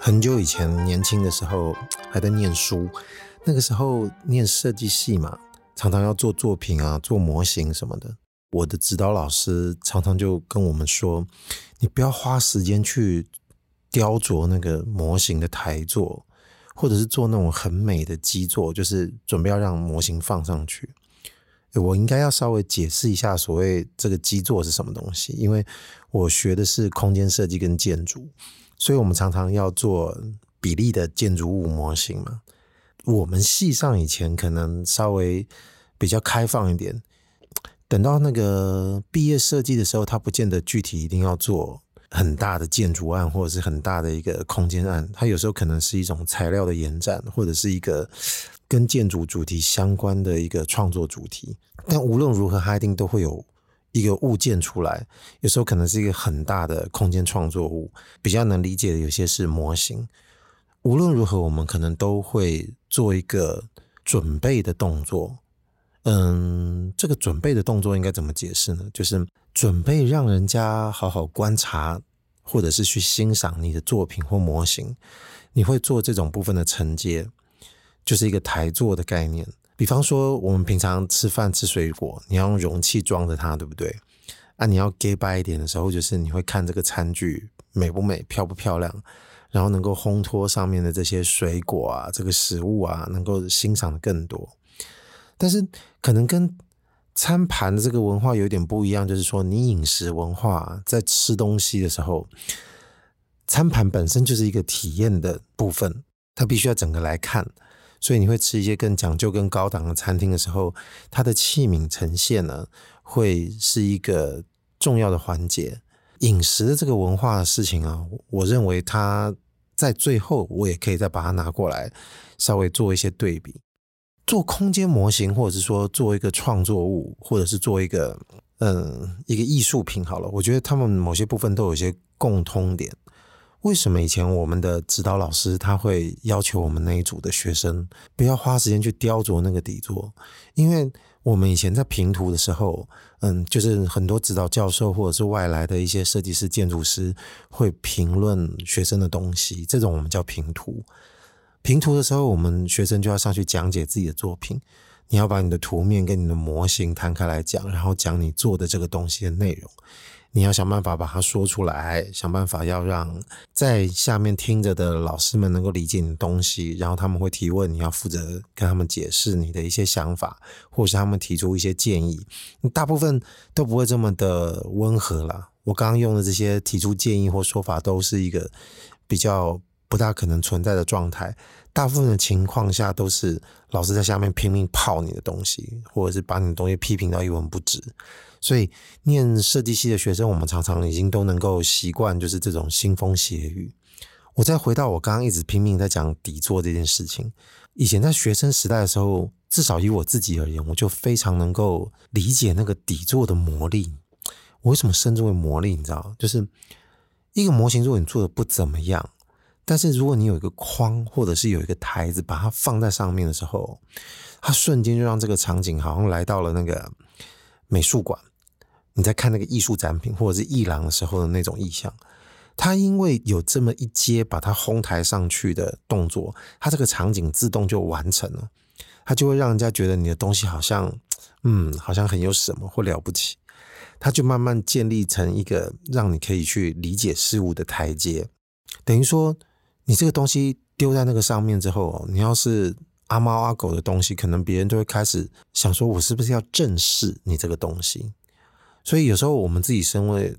很久以前，年輕的時候還在念書，那個時候念設計系嘛，常常要做作品啊，做模型什麼的。我的指導老師常常就跟我們說你不要花時間去雕琢那個模型的台座，或者是做那種很美的基座，就是準備要讓模型放上去。我應該要稍微解釋一下所謂這個基座是什麼東西，因為我學的是空間設計跟建築，所以我們常常要做比例的建築物模型嘛。我們系上以前可能稍微比較開放一點。等到那個畢業設計的時候，他不見得具體一定要做很大的建築案，或者是很大的一個空間案。他有時候可能是一種材料的延展，或者是一個跟建築主題相關的一個創作主題。但無論如何，他一定都會有一個物件出來。有時候可能是一個很大的空間創作物，比較能理解的有些是模型。無論如何，我們可能都會做一個準備的動作。嗯，這個準備的動作應該怎麼解釋呢？就是準備讓人家好好觀察，或者是去欣賞你的作品或模型。你會做這種部分的承接，就是一個台座的概念。比方說，我們平常吃飯吃水果，你要用容器裝着它，對不對？啊，你要假掰一點的時候，就是你會看這個餐具美不美、漂不漂亮，然後能夠烘托上面的這些水果啊、這個食物啊，能夠欣賞的更多。但是，可能跟餐盤的這個文化有點不一樣，就是說，你飲食文化在吃東西的時候，餐盤本身就是一個體驗的部分，它必須要整個來看。所以，你會吃一些更講究、更高檔的餐廳的時候，它的器皿呈現呢，會是一個重要的環節。飲食的這個文化的事情啊，我認為它在最後，我也可以再把它拿過來，稍微做一些對比。做空間模型，或者是說做一個創作物，或者是做一個嗯一個藝術品，好了，我覺得他們某些部分都有一些共通點。為什麼以前我們的指導老師他會要求我們那一組的學生不要花時間去雕琢那個底座？因為我們以前在評圖的時候，嗯，就是很多指導教授或者是外來的一些設計師、建築師會評論學生的東西，這種我們叫評圖。評圖的時候，我們學生就要上去講解自己的作品。你要把你的圖面跟你的模型攤開來講，然後講你做的這個東西的內容。你要想辦法把它說出來，想辦法要讓在下面聽着的老師們能夠理解你的東西。然後他們會提問，你要負責跟他們解釋你的一些想法，或者是他們提出一些建議。你大部分都不會這麼的溫和了。我剛剛用的這些提出建議或說法，都是一個比較不大可能存在的狀態。大部分的情況下都是老師在下面拼命泡你的東西，或者是把你的東西批評到一文不值。所以，念設計系的學生，我們常常已經都能夠習慣就是這種腥風血雨。我再回到我剛剛一直拼命在講底座這件事情。以前在學生時代的時候，至少以我自己而言，我就非常能夠理解那個底座的魔力。我為什麼稱之為魔力？你知道嗎？就是一個模型，如果你做得不怎麼樣。但是如果你有一個框，或者是有一個檯子，把它放在上面的時候，它瞬間就讓這個場景好像來到了那個美術館，你在看那個藝術展品或者是藝廊的時候的那種意象。它因為有這麼一階把它烘抬上去的動作，它這個場景自動就完成了，它就會讓人家覺得你的東西好像，嗯，好像很有什麼或了不起。它就慢慢建立成一個讓你可以去理解事物的台階，等於說。你這個東西丟在那個上面之後，你要是阿貓阿狗的東西，可能別人都會開始想說，我是不是要正視你這個東西？所以有時候我們自己身為，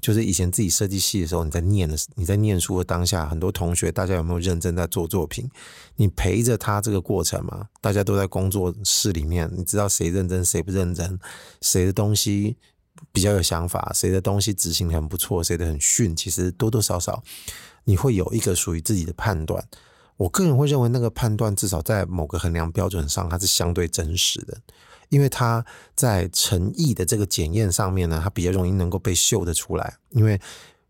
就是以前自己設計系的時候，你在念的，你在念書的當下，很多同學，大家有沒有認真在做作品？你陪着他這個過程嘛？大家都在工作室裡面，你知道誰認真，誰不認真，誰的東西比較有想法，誰的東西執行得很不錯，誰的很遜。其實多多少少。你會有一個屬於自己的判斷，我個人會認為那個判斷至少在某個衡量標準上，它是相對真實的，因為它在誠意的這個檢驗上面呢，它比較容易能夠被秀得出來，因為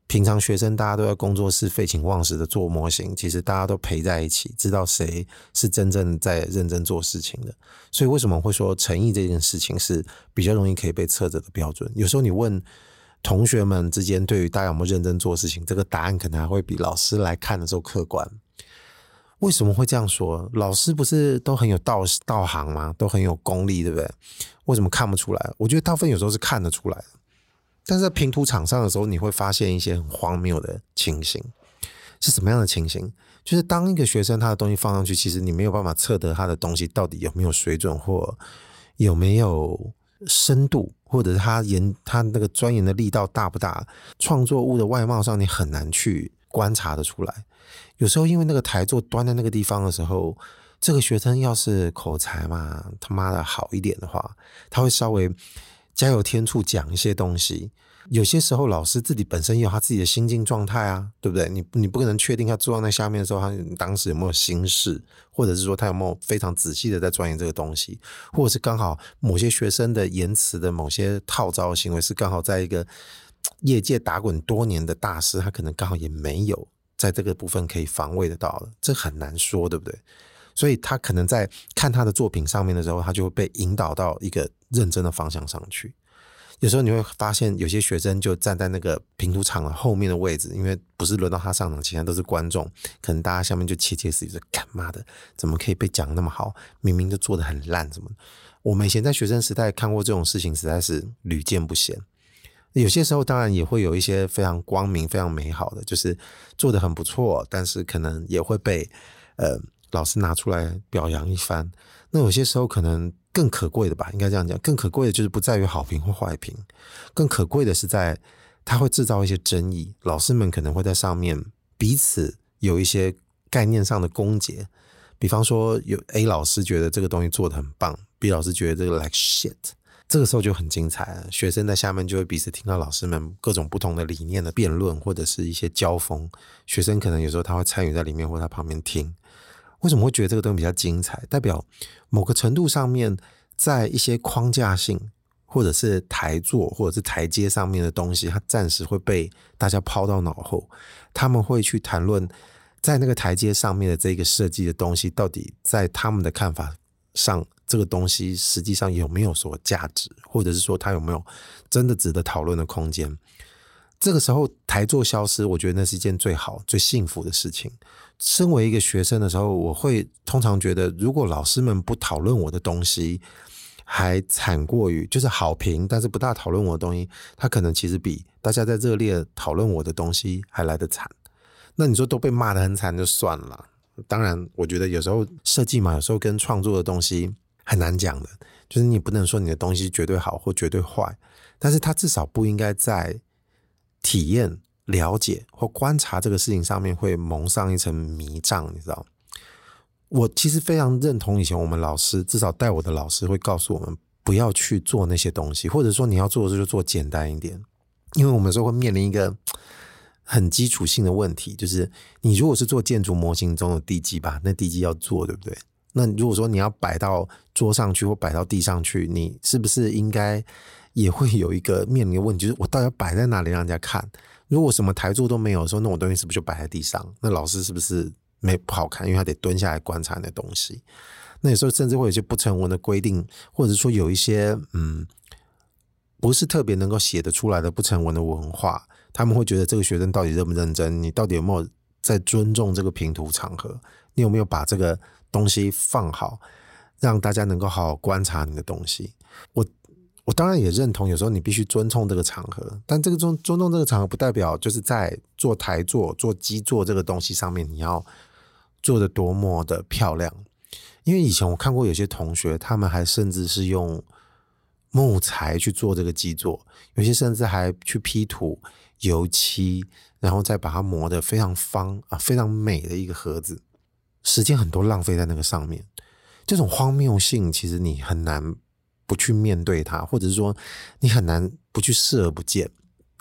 平常學生大家都在工作室廢寢忘食的做模型，其實大家都陪在一起，知道誰是真正在認真做事情的，所以為什麼會說誠意這件事情是比較容易可以被測着的標準？有時候你問。同學們之間對於大家有沒有認真做事情，這個答案可能還會比老師來看的時候客觀。為什麼會這樣說？老師不是都很有道道行嗎？都很有功力，對不對？為什麼看不出來？我覺得大部分有時候是看得出來。但是在評圖場上的時候，你會發現一些很荒謬的情形。是什麼樣的情形？就是當一個學生他的東西放上去，其實你沒有辦法測得他的東西到底有沒有水準或有沒有。深度，或者他研他那個鑽研的力道大不大？創作物的外貌上，你很難去觀察得出來。有時候，因為那個台座端在那個地方的時候，這個學生要是口才嘛，他媽的好一點的話，他會稍微加油添醋講一些東西。有些時候，老師自己本身也有他自己的心境狀態啊，對不對？你你不可能確定他坐在那下面的時候，他當時有沒有心事，或者是說他有沒有非常仔細的在鑽研這個東西，或者是剛好某些學生的言辭的某些套招行為，是剛好在一個業界打滾多年的大師，他可能剛好也沒有在這個部分可以防衛得到了，這很難說，對不對？所以他可能在看他的作品上面的時候，他就會被引導到一個認真的方向上去。有時候你會發現，有些學生就站在那個評圖場的後面的位置，因為不是輪到他上場前，其他都是觀眾。可能大家下面就竊竊私語，說：“幹嘛的，怎麼可以被講那麼好？明明就做得很爛，怎麼？”我們以前在學生時代看過這種事情，實在是屢見不鮮。有些時候當然也會有一些非常光明、非常美好的，就是做得很不錯，但是可能也會被呃老師拿出來表揚一番。那有些時候可能。更可貴的吧，應該這樣講。更可貴的就是不在於好評或壞評，更可貴的是在他會制造一些爭議。老師們可能會在上面彼此有一些概念上的攻讦，比方說有 A 老師覺得這個東西做得很棒，B 老師覺得這個 like shit。這個時候就很精彩了。學生在下面就會彼此聽到老師們各種不同的理念的辯論或者是一些交鋒。學生可能有時候他會參與在裡面，或者他旁邊聽。為什麼會覺得這個東西比較精彩？代表？某個程度上面，在一些框架性或者是台座或者是台階上面的東西，它暫時會被大家拋到腦後。他們會去談論，在那個台階上面的這個設計的東西，到底在他們的看法上，這個東西實際上有沒有所價值，或者是說它有沒有真的值得討論的空間。這個時候台座消失，我覺得那是一件最好最幸福的事情。身為一個學生的時候，我會通常覺得，如果老師們不討論我的東西，還慘過於就是好評，但是不大討論我的東西，它可能其實比大家在熱烈討論我的東西還來得慘。那你說都被罵得很慘就算了。當然，我覺得有時候設計嘛，有時候跟創作的東西很難講的，就是你不能說你的東西絕對好或絕對壞，但是它至少不應該在。體驗、了解或觀察這個事情上面會蒙上一層迷障，你知道嗎？我其實非常認同，以前我們老師，至少帶我的老師，會告訴我們不要去做那些東西，或者說你要做的事就做簡單一點，因為我們說會面臨一個很基礎性的問題，就是你如果是做建築模型，中的地基吧，那地基要做，對不對？那如果說你要擺到桌上去或擺到地上去，你是不是應該？也會有一個面臨的問題，就是我到底要擺在哪裡讓人家看？如果什麼台座都沒有的時候，說那我東西是不是就擺在地上？那老師是不是沒不好看？因為他得蹲下來觀察你的東西。那有時候甚至會有一些不成文的規定，或者說有一些嗯，不是特別能夠寫得出來的不成文的文化，他們會覺得這個學生到底認不認真？你到底有沒有在尊重這個評圖場合？你有沒有把這個東西放好，讓大家能夠好好觀察你的東西？我。我當然也認同，有時候你必須尊重這個場合，但這個尊尊重這個場合，不代表就是在做台座、做基座這個東西上面你要做得多麼的漂亮。因為以前我看過有些同學，他們還甚至是用木材去做這個基座，有些甚至還去批土、油漆，然後再把它磨得非常方啊，非常美的一個盒子。時間很多浪費在那個上面，這種荒謬性其實你很難。不去面對它，或者是說你很難不去視而不見。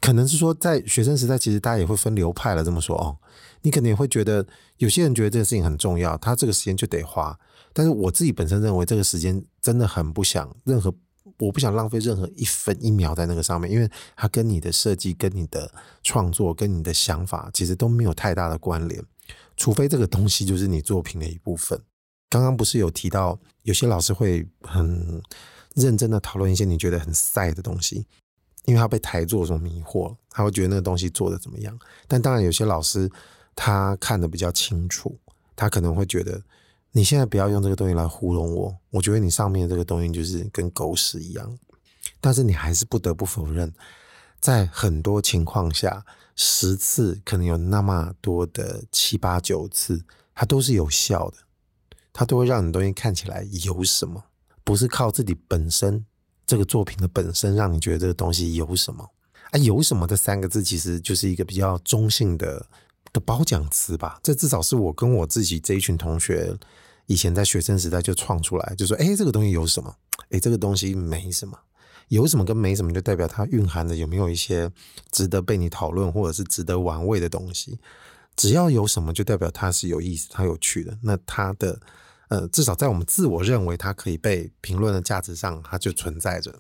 可能是說在學生時代，其實大家也會分流派了。這麼說哦，你可能也會覺得有些人覺得這個事情很重要，他這個時間就得花。但是我自己本身認為，這個時間真的很不想任何，我不想浪費任何一分一秒在那個上面，因為它跟你的設計、跟你的創作、跟你的想法，其實都沒有太大的關聯。除非這個東西就是你作品的一部分。剛剛不是有提到，有些老師會很。認真的討論一些你覺得很曬的東西，因為他被台座所迷惑，他會覺得那個東西做得怎麼樣。但當然有些老師他看得比較清楚，他可能會覺得你現在不要用這個東西來糊弄我，我覺得你上面這個東西就是跟狗屎一樣。但是你還是不得不否認，在很多情況下，十次可能有那麼多的七八九次，它都是有效的，它都會讓你的東西看起來有什麼。不是靠自己本身這個作品的本身讓你覺得這個東西有什麼啊？有什麼這三個字其實就是一個比較中性的的褒獎詞吧。這至少是我跟我自己這一群同學以前在學生時代就創出來，就說：“誒、欸，這個東西有什麼？誒、欸，這個東西沒什麼。有什麼跟沒什麼就代表它蘊含的有沒有一些值得被你討論或者是值得玩味的東西。只要有什麼，就代表它是有意思、它有趣的。那它的。”呃，至少在我們自我認為它可以被評論的價值上，它就存在着。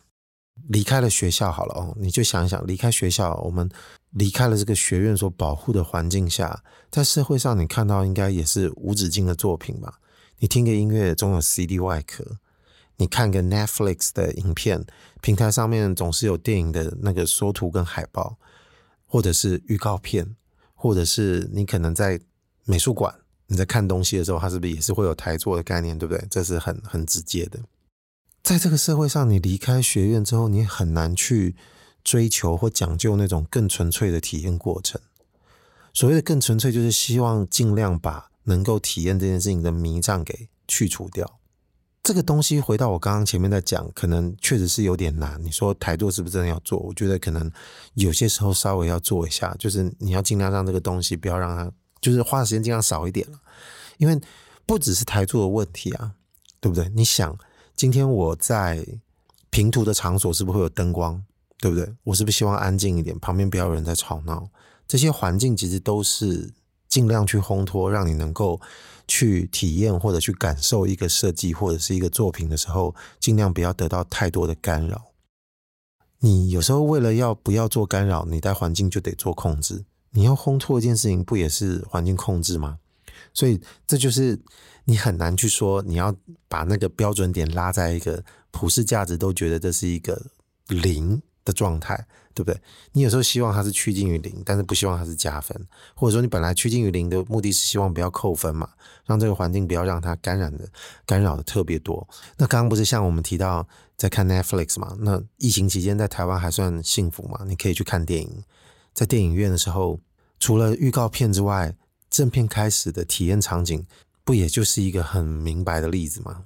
離開了學校，好了哦，你就想一想，離開學校，我們離開了這個學院所保護的環境下，在社會上，你看到應該也是無止境的作品吧？你聽個音樂，總有 CD 外殼；你看個 Netflix 的影片，平台上面總是有電影的那個縮圖跟海報，或者是預告片，或者是你可能在美術館。你在看東西的時候，它是不是也是會有台座的概念，對不對？這是很很直接的。在這個社會上，你離開學院之後，你很難去追求或講究那種更純粹的體驗過程。所謂的更純粹，就是希望盡量把能夠體驗這件事情的迷障給去除掉。這個東西回到我剛剛前面在講，可能確實是有點難。你說台座是不是真的要做？我覺得可能有些時候稍微要做一下，就是你要盡量讓這個東西不要讓它。就是花時間儘量少一點，因為不只是台柱的問題啊，對不對？你想，今天我在評圖的場所，是不是會有燈光？對不對？我是不是希望安靜一點，旁邊不要有人在吵鬧？這些環境其實都是尽量去烘托，讓你能夠去體驗或者去感受一個設計或者是一個作品的時候，儘量不要得到太多的干擾。你有時候為了要不要做干擾，你在環境就得做控制。你要烘托一件事情，不也是環境控制嗎？所以這就是你很難去說，你要把那個標準點拉在一個普世價值都覺得這是一個零的狀態，對不對？你有時候希望它是趨近於零，但是不希望它是加分，或者說你本來趨近於零的目的是希望不要扣分嘛，讓這個環境不要讓它干擾的干擾的特別多。那剛剛不是像我們提到在看 Netflix 嘛？那疫情期間在台灣還算幸福嘛？你可以去看電影，在電影院的時候。除了預告片之外，正片開始的體驗場景，不也就是一個很明白的例子嗎？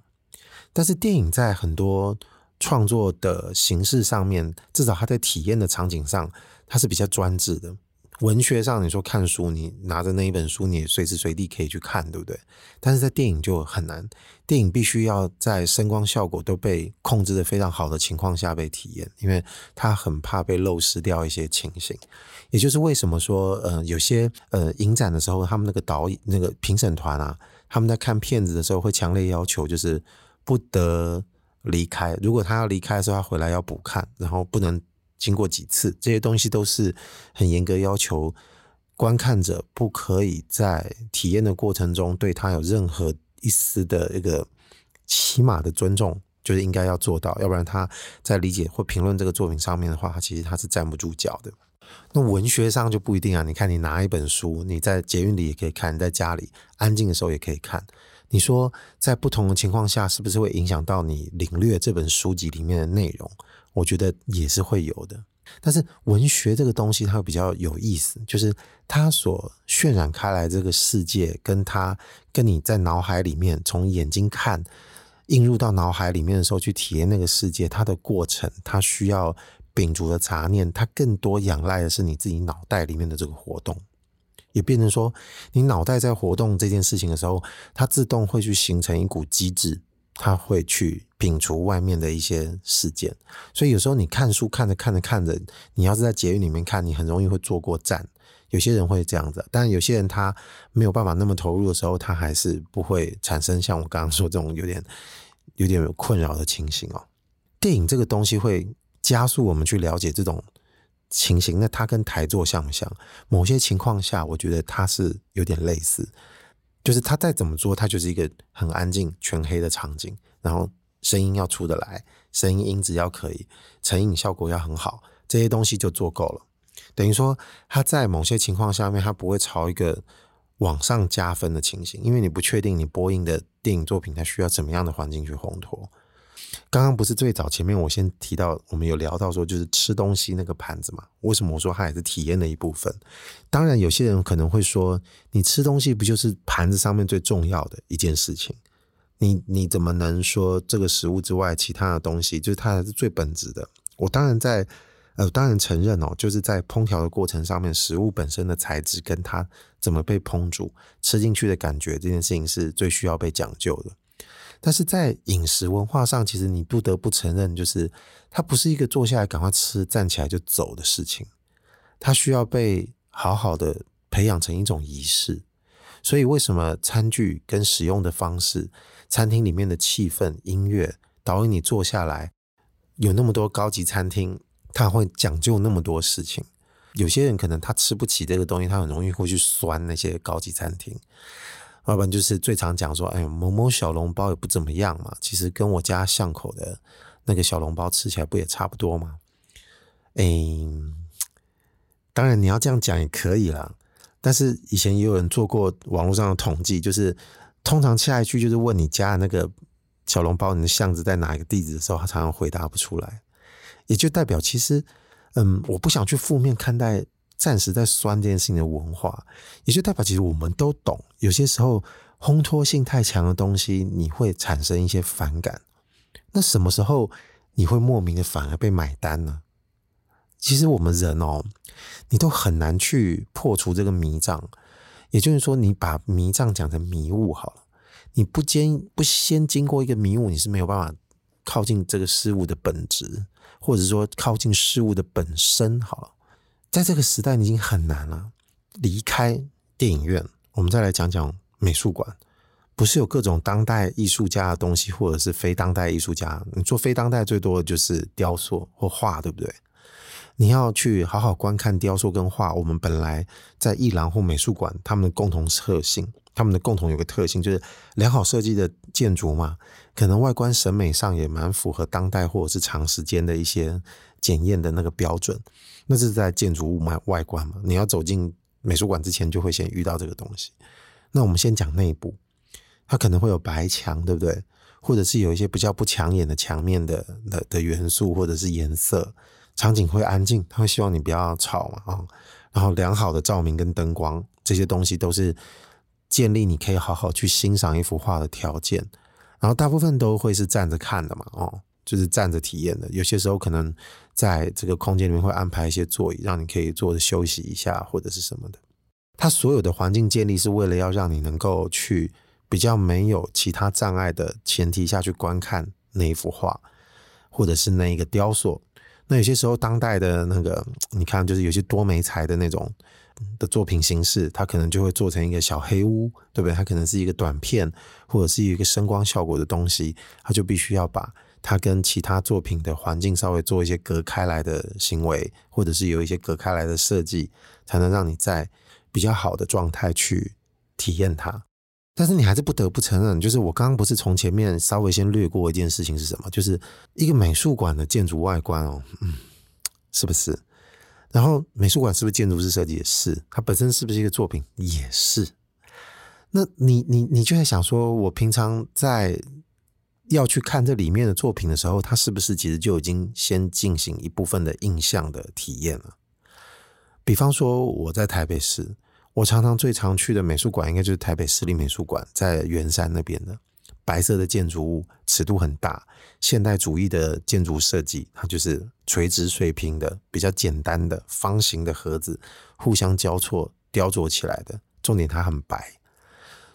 但是電影在很多創作的形式上面，至少它在體驗的場景上，它是比較專制的。文學上，你說看書，你拿着那一本書，你也隨時隨地可以去看，對不對？但是在電影就很難，電影必須要在聲光效果都被控制得非常好的情況下被體驗，因為他很怕被漏失掉一些情形。也就是為什麼說，呃，有些呃影展的時候，他們那個導演、那個評審團啊，他們在看片子的時候會強烈要求，就是不得離開。如果他要離開的時候，他回來要補看，然後不能。經過幾次，這些東西都是很嚴格要求觀看者，不可以在體驗的過程中對他有任何一絲的一個起碼的尊重，就是應該要做到，要不然他在理解或評論這個作品上面的話，他其實他是站不住腳的。那文學上就不一定啊，你看你拿一本書，你在捷運裡也可以看，在家裡安靜的時候也可以看。你說在不同的情況下，是不是會影響到你領略這本書籍裡面的內容？我覺得也是會有的，但是文學這個東西它比較有意思，就是它所渲染開來這個世界，跟它跟你在腦海裡面從眼睛看映入到腦海裡面的時候去體驗那個世界，它的過程，它需要秉足的雜念，它更多仰賴的是你自己腦袋裡面的這個活動，也變成說你腦袋在活動這件事情的時候，它自動會去形成一股機制，它會去。摒除外面的一些事件，所以有時候你看書，看着看着看着，你要是在捷運裡面看，你很容易會坐過站。有些人會這樣子，但有些人他沒有辦法那麼投入的時候，他還是不會產生像我剛剛說這種有點有點困擾的情形哦、喔。電影這個東西會加速我們去了解這種情形，那它跟台座像不像？某些情況下，我覺得它是有點類似，就是它再怎麼做，它就是一個很安靜、全黑的場景，然後。聲音要出得來，聲音音質要可以，成影效果要很好，這些東西就做夠了。等於說，它在某些情況下面，它不會朝一個往上加分的情形，因為你不確定你播映的電影作品它需要怎麼樣的環境去烘托。剛剛不是最早前面我先提到，我們有聊到說，就是吃東西那個盤子嘛，為什麼我說它也是體驗的一部分？當然，有些人可能會說，你吃東西不就是盤子上面最重要的一件事情？你你怎麼能說這個食物之外其他的東西，就是它才是最本質的？我當然在，呃，我當然承認哦，就是在烹調的過程上面，食物本身的材質跟它怎麼被烹煮、吃進去的感覺這件事情是最需要被講究的。但是在飲食文化上，其實你不得不承認，就是它不是一個坐下來趕快吃、站起來就走的事情，它需要被好好的培養成一種儀式。所以，為什麼餐具跟使用的方式，餐廳裡面的氣氛、音樂，導演你坐下來，有那麼多高級餐廳，他會講究那麼多事情。有些人可能他吃不起這個東西，他很容易會去酸那些高級餐廳。要不然就是最常講說：“哎，某某小籠包也不怎麼樣嘛。”其實跟我家巷口的那個小籠包吃起來不也差不多嗎？誒，哎，當然你要這樣講也可以了。但是以前也有人做過網絡上的統計，就是通常下一句就是問你家的那個小籠包，你的巷子在哪一個地址的時候，他常常回答不出來，也就代表其實，嗯，我不想去負面看待暫時在酸這件事情的文化，也就代表其實我們都懂，有些時候烘托性太強的東西，你會產生一些反感，那什麼時候你會莫名的反而被買單呢？其實我們人哦，你都很難去破除這個迷障，也就是說，你把迷障講成迷霧好了。你不經不先經過一個迷霧，你是沒有辦法靠近這個事物的本質，或者說靠近事物的本身。好了，在這個時代，你已經很難了。離開電影院，我們再來講講美術館，不是有各種當代藝術家的東西，或者是非當代藝術家，你做非當代最多的就是雕塑或畫，對不對？你要去好好觀看雕塑跟畫。我們本來在藝廊或美術館，他們的共同特性，他們的共同有個特性就是良好設計的建築嘛，可能外觀審美上也蠻符合當代或者是長時間的一些檢驗的那個標準。那是在建築物外外觀嘛。你要走進美術館之前，就會先遇到這個東西。那我們先講內部，它可能會有白牆，對不對？或者是有一些比較不搶眼的牆面的的的元素或者是顏色。場景會安靜，他會希望你不要吵，嘛啊，哦，然後良好的照明跟燈光這些東西都是建立你可以好好去欣賞一幅畫的條件。然後大部分都會是站着看的嘛，哦，就是站着體驗的。有些時候可能在這個空間裡面會安排一些座椅，讓你可以坐着休息一下或者是什麼的。它所有的環境建立是為了要讓你能夠去比較沒有其他障礙的前提下去觀看那一幅畫或者是那一個雕塑。那有些時候，當代的那個，你看，就是有些多媒材的那種的作品形式，它可能就會做成一個小黑屋，對不對？它可能是一個短片，或者是一個聲光效果的東西，它就必須要把它跟其他作品的環境稍微做一些隔開來的行為，或者是有一些隔開來的設計，才能讓你在比較好的狀態去體驗它。但是你還是不得不承認，就是我剛剛不是從前面稍微先略過一件事情是什麼？就是一個美術館的建築外觀哦，嗯，是不是？然後美術館是不是建築師設計？也是。它本身是不是一個作品？也是。那你你你就在想說，我平常在要去看這裡面的作品的時候，它是不是其實就已經先進行一部分的印象的體驗了？比方說我在台北市。我常常最常去的美術館，應該就是台北市立美術館，在圓山那邊的白色的建築物，尺度很大，現代主義的建築設計，它就是垂直水平的，比較簡單的方形的盒子，互相交錯雕琢起來的。重點它很白，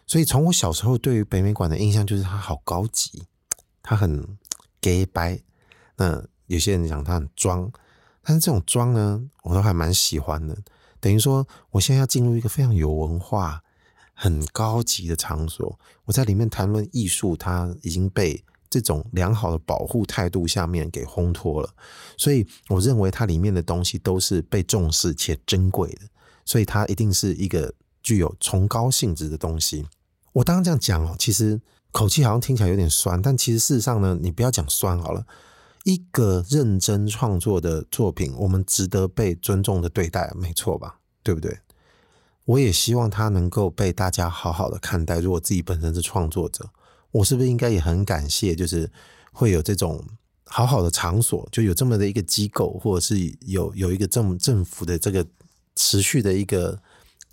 所以從我小時候對於北美館的印象，就是它好高級，它很潔白。那有些人講它很裝，但是這種裝呢，我都還蠻喜歡的。等於說，我現在要進入一個非常有文化、很高級的場所，我在裡面談論藝術，它已經被這種良好的保護態度下面給烘托了，所以我認為它裡面的東西都是被重視且珍貴的，所以它一定是一個具有崇高性質的東西。我當然這樣講哦，其實口氣好像聽起來有點酸，但其實事實上呢，你不要講酸好了。一個認真創作的作品，我們值得被尊重的對待，沒錯吧？對不對？我也希望他能夠被大家好好的看待。如果自己本身是創作者，我是不是應該也很感謝，就是會有這種好好的場所，就有這麼的一個機構，或者是有有一個這麼政府的這個持續的一個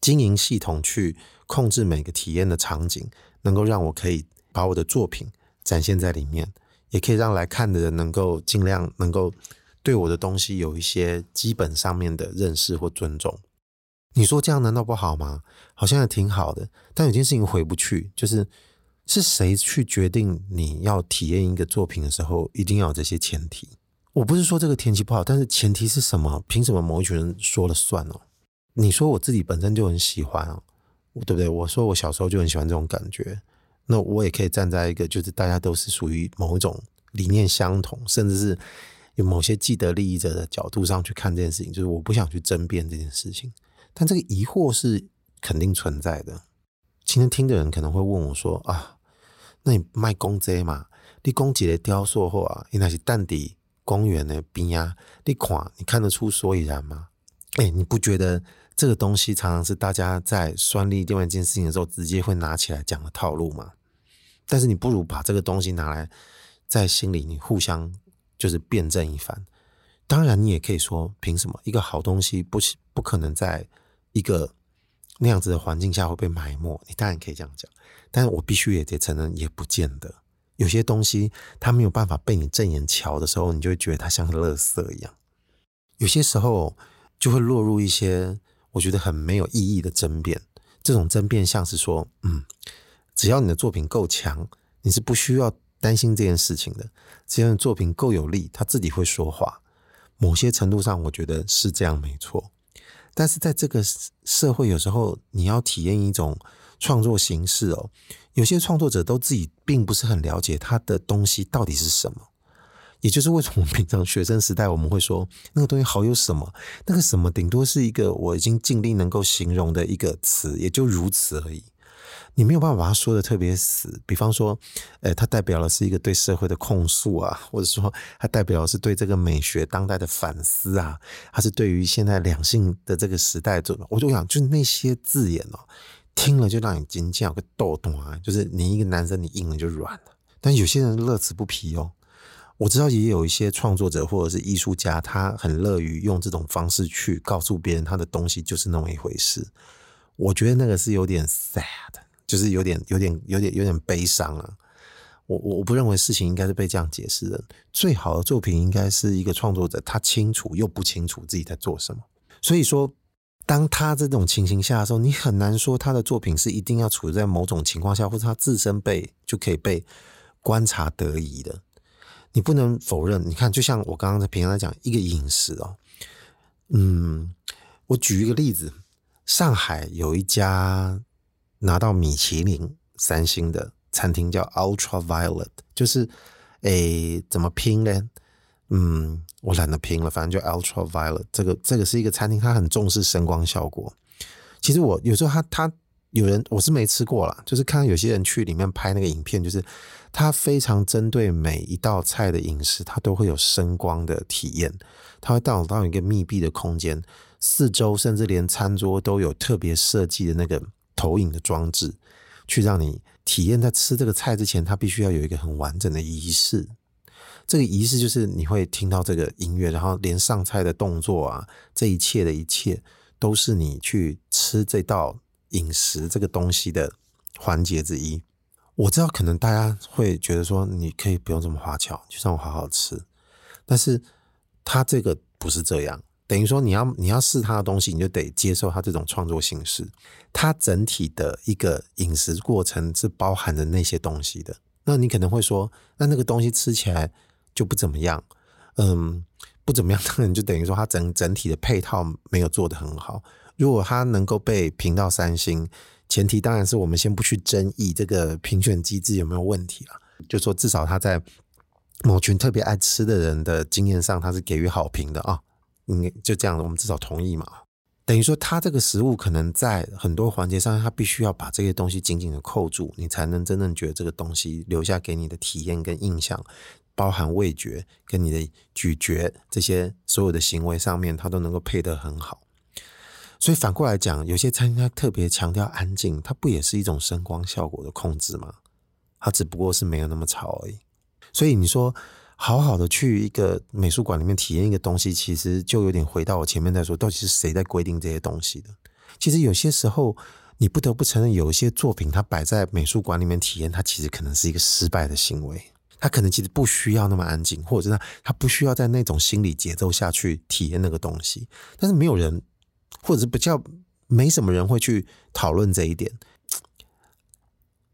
經營系統去控制每個體驗的場景，能夠讓我可以把我的作品展現在裡面。也可以讓來看的人能夠盡量能夠對我的東西有一些基本上面的認識或尊重。你說這樣難道不好嗎？好像也挺好的。但有件事情回不去，就是是誰去決定你要體驗一個作品的時候一定要有這些前提？我不是說這個天氣不好，但是前提是什麼？憑什麼某一群人說了算哦？你說我自己本身就很喜歡哦，對不對？我說我小時候就很喜歡這種感覺。那我也可以站在一個，就是大家都是屬於某一種理念相同，甚至是有某些既得利益者的角度上去看這件事情。就是我不想去爭辯這件事情，但這個疑惑是肯定存在的。今天聽的人可能會問我說：“啊，那你賣公雞嘛？你公雞的雕塑後啊，應該是當地公園的冰啊，你看你看得出所以然嗎？哎、欸，你不覺得？”這個東西常常是大家在算力另外一件事情的時候，直接會拿起來講的套路嘛。但是你不如把這個東西拿來在心裡，你互相就是辯證一番。當然，你也可以說憑什麼一個好東西不不可能在一個那樣子的環境下會被埋沒？你當然可以這樣講，但是我必須也得承認，也不見得有些東西它沒有辦法被你正眼瞧的時候，你就會覺得它像個垃圾一樣。有些時候就會落入一些。我覺得很沒有意義的爭辯，這種爭辯像是說，嗯，只要你的作品夠強，你是不需要擔心這件事情的。只要你的作品夠有力，他自己會說話。某些程度上，我覺得是這樣沒錯。但是在這個社會，有時候你要體驗一種創作形式哦，有些創作者都自己並不是很了解他的東西到底是什麼。也就是為什麼平常學生時代我們會說那個東西好有什麼？那個什麼頂多是一個我已經盡力能夠形容的一個詞，也就如此而已。你沒有辦法把它說得特別死。比方說，呃、欸，它代表的是一個對社會的控訴啊，或者說它代表的是對這個美學當代的反思啊，還是對於現在兩性的這個時代，我就想，就是那些字眼哦，聽了就讓你尖叫、個抖動啊，就是你一個男生你硬了就軟了，但有些人樂此不疲哦。我知道也有一些創作者或者是藝術家，他很樂於用這種方式去告訴別人他的東西就是那麼一回事。我覺得那個是有點 sad，就是有點有點有點有點悲傷啊。我我不認為事情應該是被這樣解釋的。最好的作品應該是一個創作者他清楚又不清楚自己在做什麼。所以說，當他這種情形下的時候，你很難說他的作品是一定要處在某種情況下，或者他自身被就可以被觀察得宜的。你不能否認，你看，就像我剛剛在平常來講一個飲食哦，嗯，我舉一個例子，上海有一家拿到米其林三星的餐廳叫 Ultraviolet，就是誒、欸、怎麼拼呢？嗯，我懶得拼了，反正就 Ultraviolet 這個這個是一個餐廳，它很重視聲光效果。其實我有時候他他。它有人，我是沒吃過啦。就是看到有些人去裡面拍那個影片，就是他非常針對每一道菜的飲食，他都會有聲光的體驗，他會帶到到一個密閉的空間，四周甚至連餐桌都有特別設計的那個投影的裝置，去讓你體驗在吃這個菜之前，他必須要有一個很完整的儀式。這個儀式就是你會聽到這個音樂，然後連上菜的動作啊，這一切的一切都是你去吃這道。飲食這個東西的環節之一，我知道可能大家會覺得說，你可以不用這麼花俏，就算我好好吃。但是它這個不是這樣，等於說你要你要試他的東西，你就得接受他這種創作形式，他整體的一個飲食過程是包含着那些東西的。那你可能會說，那那個東西吃起來就不怎麼樣，嗯，不怎麼樣，當然就等於說他整整體的配套沒有做得很好。如果他能夠被評到三星，前提當然是我們先不去爭議這個評選機制有沒有問題了啊。就說至少他在某群特別愛吃的人的經驗上，他是給予好評的啊。應該就這樣的，我們至少同意嘛。等於說，他這個食物可能在很多環節上，他必須要把這些東西緊緊的扣住，你才能真正覺得這個東西留下給你的體驗跟印象，包含味覺跟你的咀嚼這些所有的行為上面，他都能夠配得很好。所以反過來講，有些餐廳它特別強調安靜，它不也是一種聲光效果的控制嗎？它只不過是沒有那麼吵而已。所以你說好好的去一個美術館裡面體驗一個東西，其實就有點回到我前面在說，到底是誰在規定這些東西的？其實有些時候，你不得不承認，有一些作品它擺在美術館裡面體驗，它其實可能是一個失敗的行為。它可能其實不需要那麼安靜，或者是它它不需要在那種心理節奏下去體驗那個東西。但是沒有人。或者是比較，沒什麼人會去討論這一點。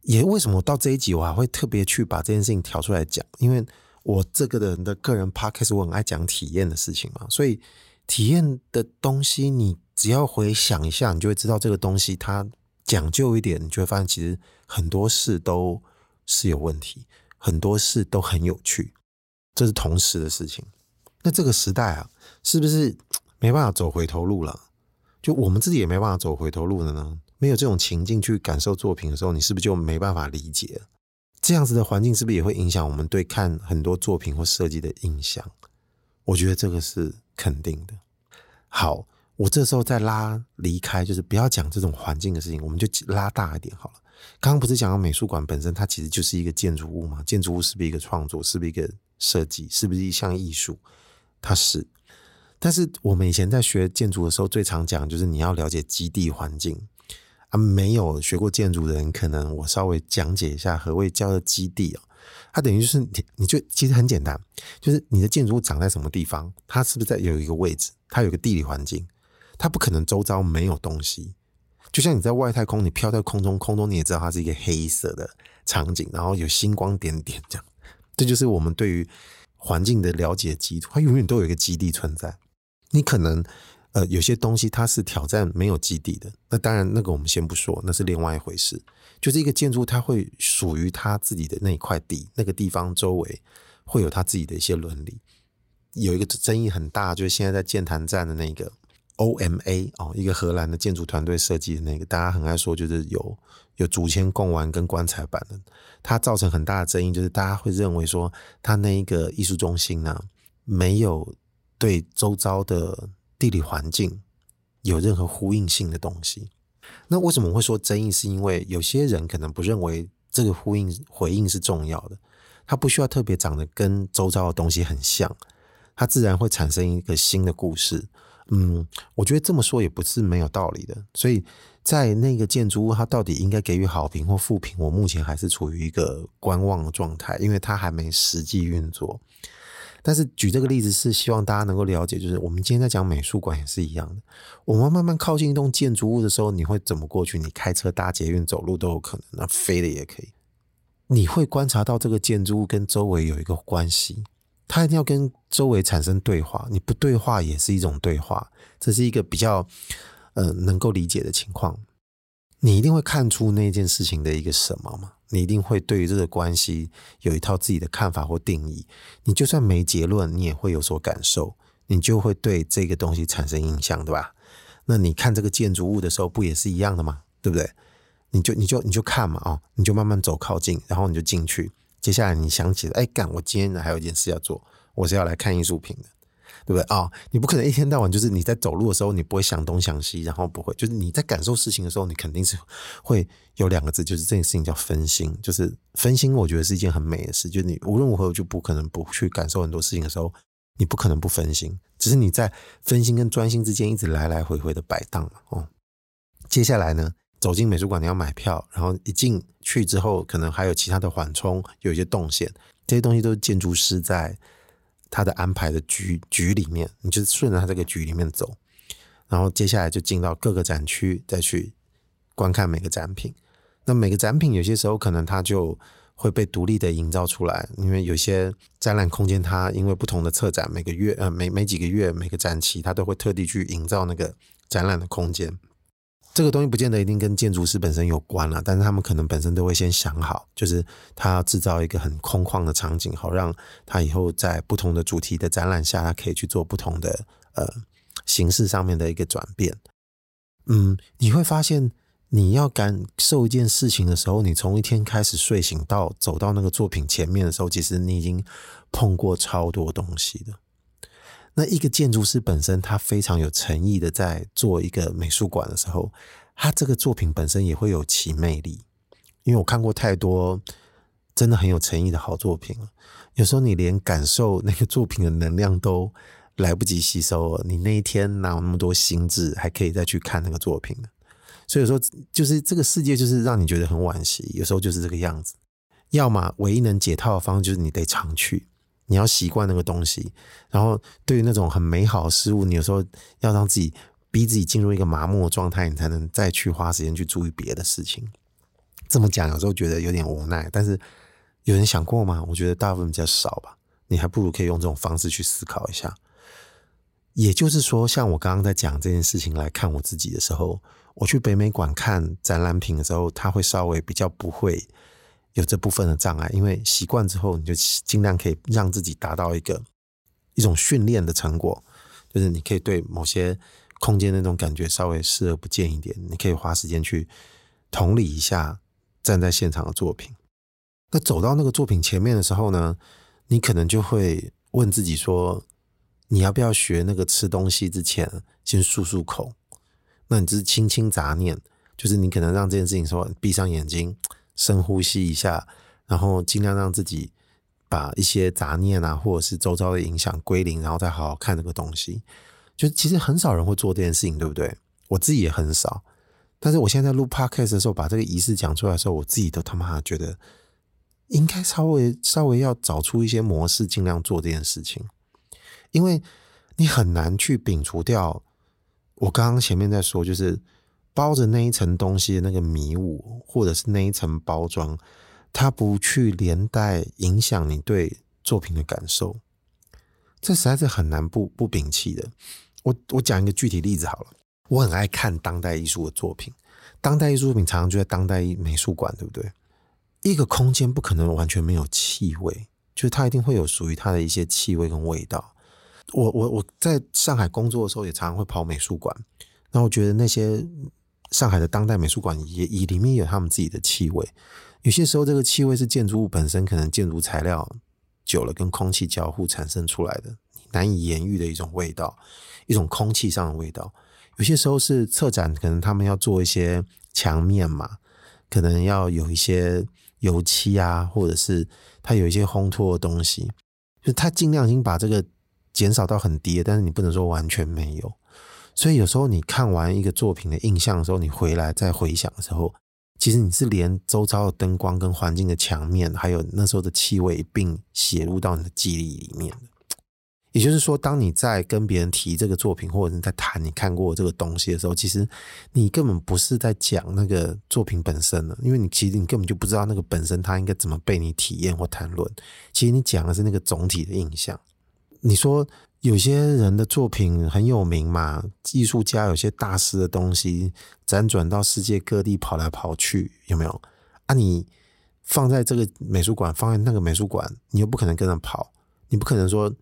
也為什麼我到這一集我還會特別去把這件事情挑出來講？因為我這個人的個人 podcast 我很愛講體驗的事情嘛，所以體驗的東西，你只要回想一下，你就會知道這個東西它講究一點，你就會發現其實很多事都是有問題，很多事都很有趣，這是同時的事情。那這個時代啊，是不是沒辦法走回頭路了？就我們自己也沒辦法走回頭路的呢。沒有這種情境去感受作品的時候，你是不是就沒辦法理解？這樣子的環境是不是也會影響我們對看很多作品或設計的印象？我覺得這個是肯定的。好，我這時候再拉離開，就是不要講這種環境的事情，我們就拉大一點好了。剛剛不是講到美術館本身，它其實就是一個建築物嘛？建築物是不是一個創作，是不是一個設計，是不是一項藝術？它是。但是我們以前在學建築的時候，最常講就是你要了解基地環境啊。沒有學過建築的人，可能我稍微講解一下何謂叫做基地哦、啊，它等於就是你，你就其實很簡單，就是你的建築物長在什麼地方，它是不是在有一個位置，它有一個地理環境，它不可能周遭沒有東西。就像你在外太空，你飄在空中，空中你也知道它是一個黑色的場景，然後有星光點點這樣。這就是我們對於環境的了解基礎，它永遠都有一個基地存在。你可能，呃，有些東西它是挑戰沒有基地的，那當然那個我們先不說，那是另外一回事。就是一個建築，它會屬於它自己的那一塊地，那個地方周圍會有它自己的一些倫理。有一個爭議很大，就是現在在劍潭站的那個 OMA 哦，一個荷蘭的建築團隊設計的那個，大家很愛說，就是有有竹籤、貢丸跟棺材板的，它造成很大的爭議，就是大家會認為說，它那一個藝術中心呢、啊、沒有。對周遭的地理環境有任何呼應性的東西，那為什麼會說爭議？是因為有些人可能不認為這個呼應回應是重要的，它不需要特別長得跟周遭的東西很像，它自然會產生一個新的故事。嗯，我覺得這麼說也不是沒有道理的。所以在那個建築物，它到底應該給予好評或負評，我目前還是處於一個觀望的狀態，因為它還沒實際運作。但是舉這個例子是希望大家能夠了解，就是我們今天在講美術館也是一樣的。我們慢慢靠近一棟建築物的時候，你會怎麼過去？你開車、搭捷運、走路都有可能，那飛的也可以。你會觀察到這個建築物跟周圍有一個關係，它一定要跟周圍產生對話。你不對話也是一種對話，這是一個比較呃能夠理解的情況。你一定會看出那件事情的一個什麼嗎？你一定會對於這個關係有一套自己的看法或定義。你就算沒結論，你也會有所感受，你就會對這個東西產生印象，對吧？那你看這個建築物的時候，不也是一樣的嗎？對不對？你就你就你就看嘛，哦，你就慢慢走靠近，然後你就進去。接下來你想起來，哎，幹，我今天還有一件事要做，我是要來看藝術品的。對不對啊？哦，你不可能一天到晚就是你在走路的時候，你不會想東想西，然後不會就是你在感受事情的時候，你肯定是會有兩個字，就是這件事情叫分心。就是分心，我覺得是一件很美的事。就是你無論如何，就不可能不去感受很多事情的時候，你不可能不分心，只是你在分心跟專心之間一直來來回回的擺盪。哦，接下來呢，走進美術館你要買票，然後一進去之後，可能還有其他的緩衝，有一些動線，這些東西都是建築師在。他的安排的局局裡面，你就順着他這個局裡面走，然後接下來就進到各個展區，再去觀看每個展品。那每個展品有些時候可能它就會被獨立的營造出來，因為有些展覽空間它因為不同的策展，每個月呃每每幾個月每個展期，它都會特地去營造那個展覽的空間。這個東西不見得一定跟建築師本身有關了啊，但是他們可能本身都會先想好，就是他要製造一個很空曠的場景，好讓他以後在不同的主題的展覽下，他可以去做不同的呃形式上面的一個轉變。嗯，你會發現，你要感受一件事情的時候，你從一天開始睡醒到走到那個作品前面的時候，其實你已經碰過超多東西的。那一個建築師本身，他非常有誠意的在做一個美術館的時候，他這個作品本身也會有其魅力。因為我看過太多真的很有誠意的好作品了，有時候你連感受那個作品的能量都來不及吸收了，你那一天哪有那麼多心智還可以再去看那個作品呢？所以說，就是這個世界就是讓你覺得很惋惜，有時候就是這個樣子。要麼唯一能解套的方式就是你得常去。你要習慣那個東西，然後對於那種很美好的事物，你有時候要讓自己逼自己進入一個麻木的狀態，你才能再去花時間去注意別的事情。這麼講，有時候覺得有點無奈，但是有人想過嗎？我覺得大部分比較少吧。你還不如可以用這種方式去思考一下。也就是說，像我剛剛在講這件事情來看我自己的時候，我去北美館看展覽品的時候，他會稍微比較不會。有這部分的障礙，因為習慣之後，你就盡量可以讓自己達到一個一種訓練的成果，就是你可以對某些空間那種感覺稍微視而不見一點。你可以花時間去同理一下站在現場的作品。那走到那個作品前面的時候呢，你可能就會問自己說：你要不要學那個吃東西之前先漱漱口？那你就是清清雜念，就是你可能讓這件事情說閉上眼睛。深呼吸一下，然後盡量讓自己把一些雜念啊，或者是周遭的影響歸零，然後再好好看這個東西。就其實很少人會做這件事情，對不對？我自己也很少。但是我現在在錄 Podcast 的時候，把這個儀式講出來的時候，我自己都他媽覺得應該稍微稍微要找出一些模式，盡量做這件事情。因為你很難去摒除掉。我剛剛前面在說，就是。包着那一層東西的那個迷霧，或者是那一層包裝，它不去連帶影響你對作品的感受。這實在是很難不不摒棄的。我我講一個具體例子好了，我很愛看當代藝術的作品，當代藝術品常常就在當代美術館，對不對？一個空間不可能完全沒有氣味，就是它一定會有屬於它的一些氣味跟味道。我我我在上海工作的時候也常常會跑美術館，然後我覺得那些。上海的當代美術館也也裡面也有他們自己的氣味，有些時候這個氣味是建築物本身可能建築材料久了跟空氣交互產生出來的難以言喻的一種味道，一種空氣上的味道。有些時候是策展，可能他們要做一些牆面嘛，可能要有一些油漆啊，或者是它有一些烘托的東西，就是它盡量已經把這個減少到很低，但是你不能說完全沒有。所以有時候你看完一個作品的印象的時候，你回來再回想的時候，其實你是連周遭的燈光跟環境的牆面，還有那時候的氣味並寫入到你的記憶裡面的。也就是說，當你在跟別人提這個作品，或者你在談你看過這個東西的時候，其實你根本不是在講那個作品本身了，因為你其實你根本就不知道那個本身它應該怎麼被你體驗或談論。其實你講的是那個總體的印象。你說。有些人的作品很有名嘛，藝術家有些大師的東西輾轉到世界各地跑來跑去，有沒有？啊，你放在這個美術館，放在那個美術館，你又不可能跟着跑，你不可能說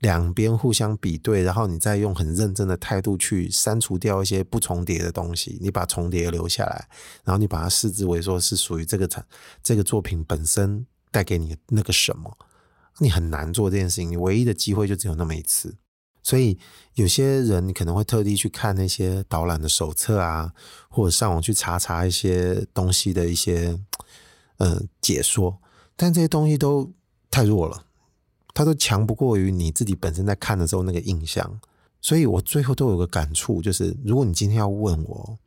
兩邊互相比對，然後你再用很認真的態度去刪除掉一些不重疊的東西，你把重疊留下來，然後你把它視之為說是屬於這個產這個作品本身帶給你那個什麼。你很難做這件事情，你唯一的機會就只有那麼一次。所以有些人你可能會特地去看那些導覽的手冊啊，或者上網去查查一些東西的一些嗯、呃、解說，但這些東西都太弱了，它都強不過於你自己本身在看的時候那個印象。所以我最後都有個感觸，就是如果你今天要問我，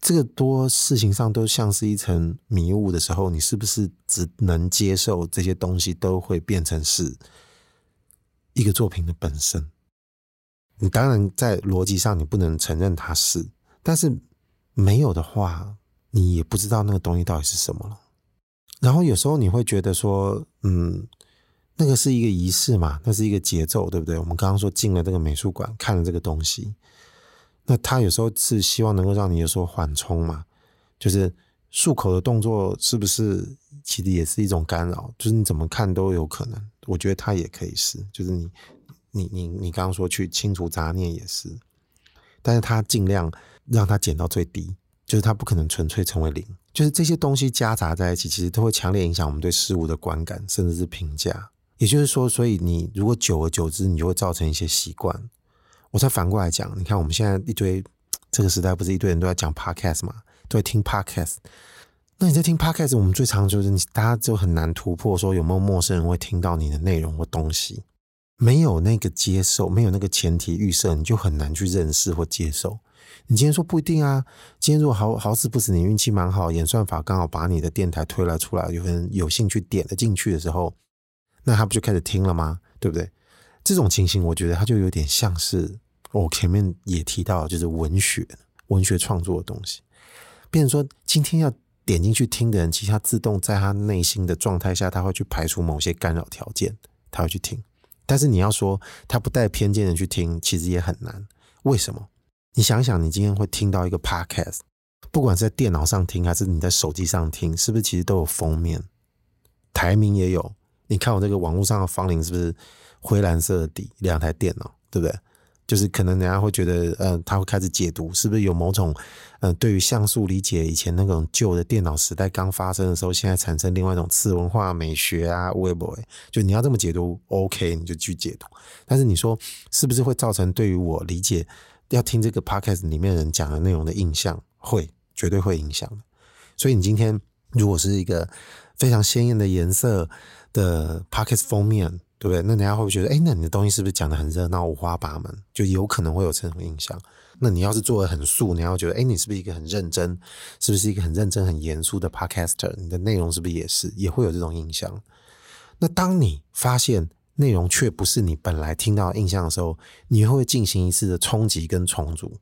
這個多事情上都像是一層迷霧的時候，你是不是只能接受這些東西都會變成是一個作品的本身？你當然在邏輯上你不能承認它是，但是沒有的話，你也不知道那個東西到底是什麼了。然後有時候你會覺得說，嗯，那個是一個儀式嘛，那是一個節奏，對不對？我們剛剛說進了這個美術館，看了這個東西。那他有時候是希望能夠讓你有所緩衝嘛？就是漱口的動作是不是其實也是一種干擾？就是你怎麼看都有可能，我覺得它也可以是。就是你你你你剛剛說去清除雜念也是，但是他盡量讓它減到最低，就是他不可能純粹成為零。就是這些東西夾雜在一起，其實都會強烈影響我們對事物的觀感，甚至是評價。也就是說，所以你如果久而久之，你就會造成一些習慣。我再反過來講，你看我們現在一堆這個時代不是一堆人都在講 podcast 嘛，都在聽 podcast。那你在聽 podcast，我們最常就是大家就很難突破，說有沒有陌生人會聽到你的內容或東西？沒有那個接受，沒有那個前提預設，你就很難去認識或接受。你今天說不一定啊，今天如果好好死不死，你運氣蠻好，演算法剛好把你的電台推了出來，有人有興趣點了進去的時候，那他不就開始聽了嗎？對不對？這種情形，我覺得它就有點像是我、哦、前面也提到，就是文學文學創作的東西。變成說今天要點進去聽的人，其實他自動在他內心的狀態下，他會去排除某些干擾條件，他會去聽。但是你要說他不帶偏見的去聽，其實也很難。為什麼？你想想，你今天會聽到一個 podcast，不管是在電腦上聽還是你在手機上聽，是不是其實都有封面、台名也有？你看我這個網絡上的芳齡是不是？灰藍色的底，兩台電腦，對不對？就是可能人家會覺得，呃，他會開始解讀，是不是有某種，呃，對於像素理解，以前那種舊的電腦時代剛發生的時候，現在產生另外一種次文化美學啊，微博 y 就你要這麼解讀，OK，你就去解讀。但是你說，是不是會造成對於我理解要聽這個 podcast 裡面人講的內容的印象？會，絕對會影響的。所以你今天如果是一個非常鮮豔的顏色的 podcast 封面。對不對？那人家會不會覺得，哎，那你的東西是不是講得很熱鬧、五花八門？就有可能會有這種印象。那你要是做得很素，你要覺得，哎，你是不是一個很認真，是不是一個很認真、很嚴肅的 podcaster？你的內容是不是也是也會有這種印象？那當你發現內容卻不是你本來聽到的印象的時候，你會進行一次的衝擊跟重組。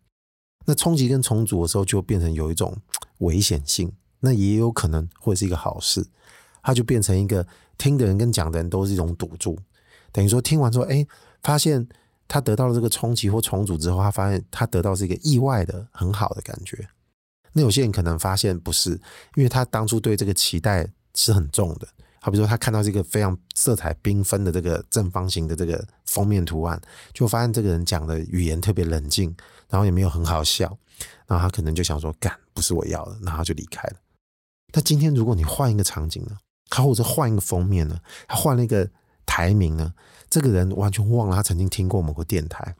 那衝擊跟重組的時候，就變成有一種危險性。那也有可能會是一個好事，它就變成一個。聽的人跟講的人都是一種賭注，等於說聽完之後，哎，發現他得到了這個衝擊或重組之後，他發現他得到是一個意外的很好的感覺。那有些人可能發現不是，因為他當初對這個期待是很重的。好，比如說他看到這個非常色彩繽紛的這個正方形的這個封面圖案，就發現這個人講的語言特別冷靜，然後也沒有很好笑，然後他可能就想說，幹，不是我要的，然後他就離開了。那今天如果你換一個場景呢？他或者換一個封面呢？他換了一個台名呢？這個人完全忘了他曾經聽過某個電台，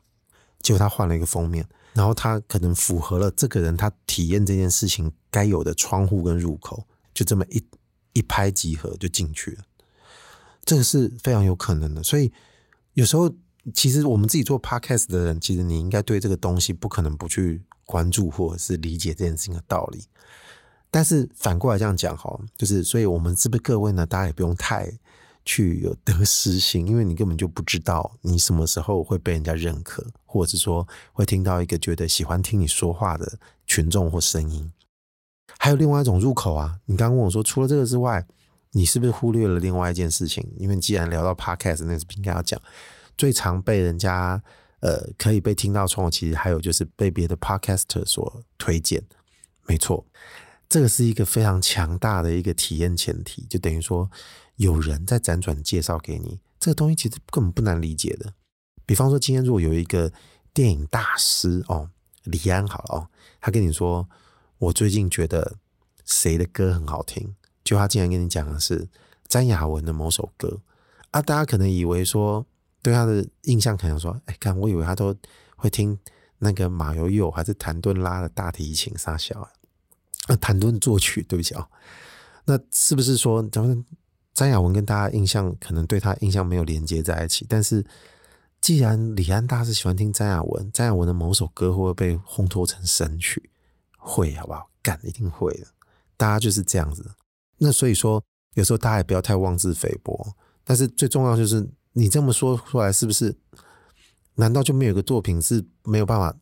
結果他換了一個封面，然後他可能符合了這個人他體驗這件事情該有的窗戶跟入口，就這麼一一拍即合就進去了。這個是非常有可能的。所以有時候，其實我們自己做 podcast 的人，其實你應該對這個東西不可能不去關注或者是理解這件事情的道理。但是反過來這樣講，哈，就是，所以我們這邊各位呢，大家也不用太去有得失心，因為你根本就不知道你什麼時候會被人家認可，或者是說會聽到一個覺得喜歡聽你說話的群眾或聲音。還有另外一種入口啊！你剛剛跟我說，除了這個之外，你是不是忽略了另外一件事情？因為既然聊到 podcast，那是不是應該要講最常被人家呃可以被聽到的時候，其實還有就是被別的 podcaster 所推薦。沒錯。這個是一個非常強大的一個體驗前提，就等於說有人在輾轉介紹給你這個東西，其實根本不難理解的。比方說，今天如果有一個電影大師哦，李安好了哦，他跟你說我最近覺得誰的歌很好聽，就他竟然跟你講的是詹雅雯的某首歌啊，大家可能以為說對他的印象可能說，哎，看我以為他都會聽那個馬友友還是譚盾拉的大提琴啥小啊。那譚盾作曲，對不起啊，哦，那是不是說咱們詹雅雯跟大家印象可能對他印象沒有連接在一起？但是既然李安大師喜歡聽詹雅雯，詹雅雯的某首歌會不會被烘托成神曲？會好不好？幹，一定會的。大家就是這樣子。那所以說，有時候大家也不要太妄自菲薄。但是最重要就是你這麼說出來，是不是？難道就沒有一個作品是沒有辦法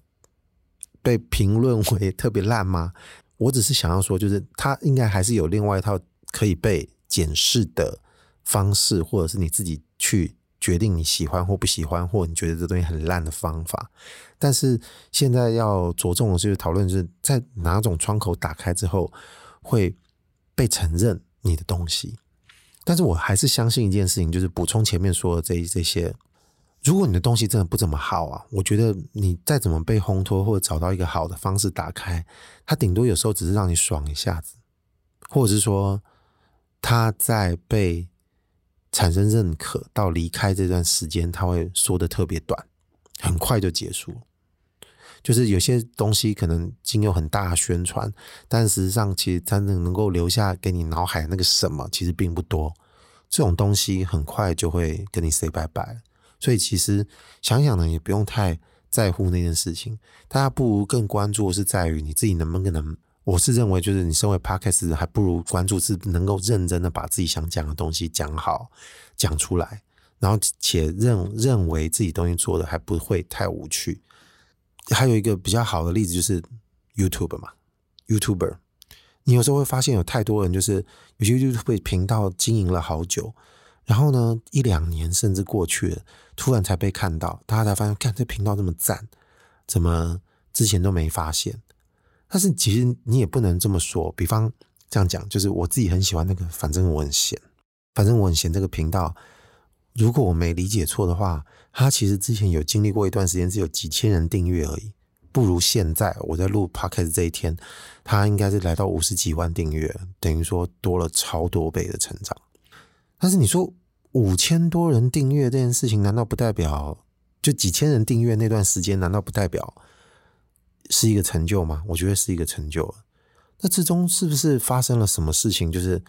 被評論為特別爛嗎？我只是想要說，就是他應該還是有另外一套可以被檢視的方式，或者是你自己去決定你喜歡或不喜歡，或你覺得這東西很爛的方法。但是現在要着重的是就是討論，是在哪種窗口打開之後會被承認你的東西。但是我還是相信一件事情，就是補充前面說的這這些。如果你的東西真的不怎麼好啊，我覺得你再怎麼被烘托或者找到一個好的方式打開，它頂多有時候只是讓你爽一下子，或者是說他在被產生認可到離開這段時間，他會縮得特別短，很快就結束。就是有些東西可能經由很大的宣傳，但實際上其實真正能夠留下給你腦海那個什麼，其實並不多。這種東西很快就會跟你 say 拜拜。所以其實想想呢，也不用太在乎那件事情。大家不如更關注的是在於你自己能不能，我是認為，就是你身為 podcast 還不如關注是能夠認真的把自己想講的東西講好講出來，然後且認認為自己東西做的還不會太無趣。還有一個比較好的例子就是 YouTube 嘛，YouTuber。你有時候會發現有太多人就是有些 YouTube 頻道經營了好久，然後呢一兩年甚至過去了。突然才被看到，大家才發現，看這頻道這麼贊，怎麼之前都沒發現？但是其實你也不能這麼說，比方這樣講，就是我自己很喜歡那個，反正我很閒，反正我很閒。這個頻道，如果我沒理解錯的話，他其實之前有經歷過一段時間只有幾千人訂閱而已，不如現在我在錄 Podcast 這一天，他應該是來到五十幾萬訂閱，等於說多了超多倍的成長。但是你說。五千多人訂閱這件事情，難道不代表就幾千人訂閱那段時間？難道不代表是一個成就嗎？我覺得是一個成就。那之中是不是發生了什麼事情？就是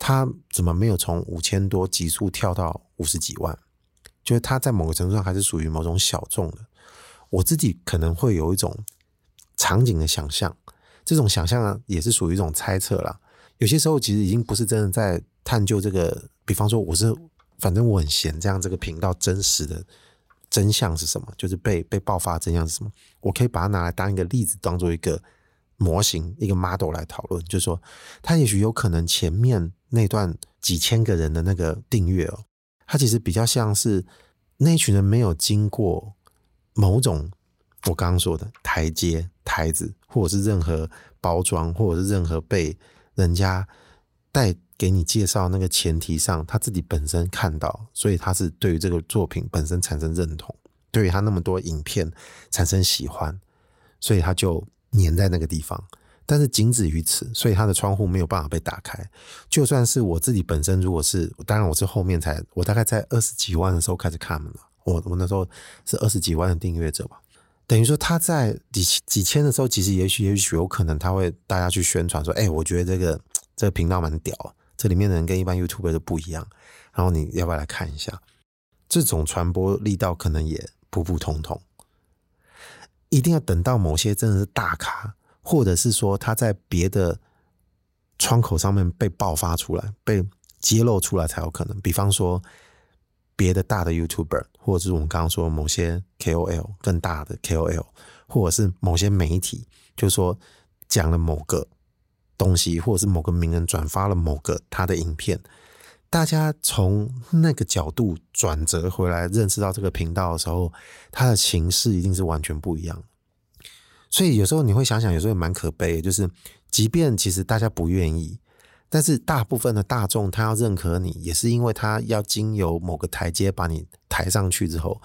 他怎麼沒有從五千多急速跳到五十幾萬？就是他在某個程度上還是屬於某種小眾的。我自己可能會有一種場景的想象，這種想象啊，也是屬於一種猜測啦。有些時候其實已經不是真的在探究這個，比方說我是。反正我很閒，這樣這個頻道真實的真相是什麼？就是被被爆發，真相是什麼？我可以把它拿來當一個例子，當做一個模型，一個 model 來討論。就是說，他也許有可能前面那段幾千個人的那個訂閱哦，他其實比較像是那群人沒有經過某種我剛剛說的台階、台子，或者是任何包裝，或者是任何被人家帶。給你介紹那個前提上，他自己本身看到，所以他是對於這個作品本身產生認同，對於他那麼多影片產生喜歡，所以他就黏在那個地方。但是僅止於此，所以他的窗戶沒有辦法被打開。就算是我自己本身，如果是，當然我是後面才，我大概在二十幾萬的時候開始看了，我我那時候是二十幾萬的訂閱者吧。等於說他在幾幾千的時候，其實也許也許有可能他會大家去宣傳說，哎、欸，我覺得這個這個頻道蠻屌。這裡面的人跟一般 YouTuber 都不一樣，然後你要不要來看一下？這種傳播力道可能也普普通通，一定要等到某些真的是大咖，或者是說他在別的窗口上面被爆發出來、被揭露出來才有可能。比方說，別的大的 YouTuber，或者是我們剛剛說某些 KOL 更大的 KOL，或者是某些媒體，就是說講了某個，東西，或者是某個名人轉發了某個他的影片，大家從那個角度轉折回來認識到這個頻道的時候，他的形式一定是完全不一樣。所以有時候你會想想，有時候也蠻可悲的，就是即便其實大家不願意，但是大部分的大眾他要認可你，也是因為他要經由某個台階把你抬上去之後，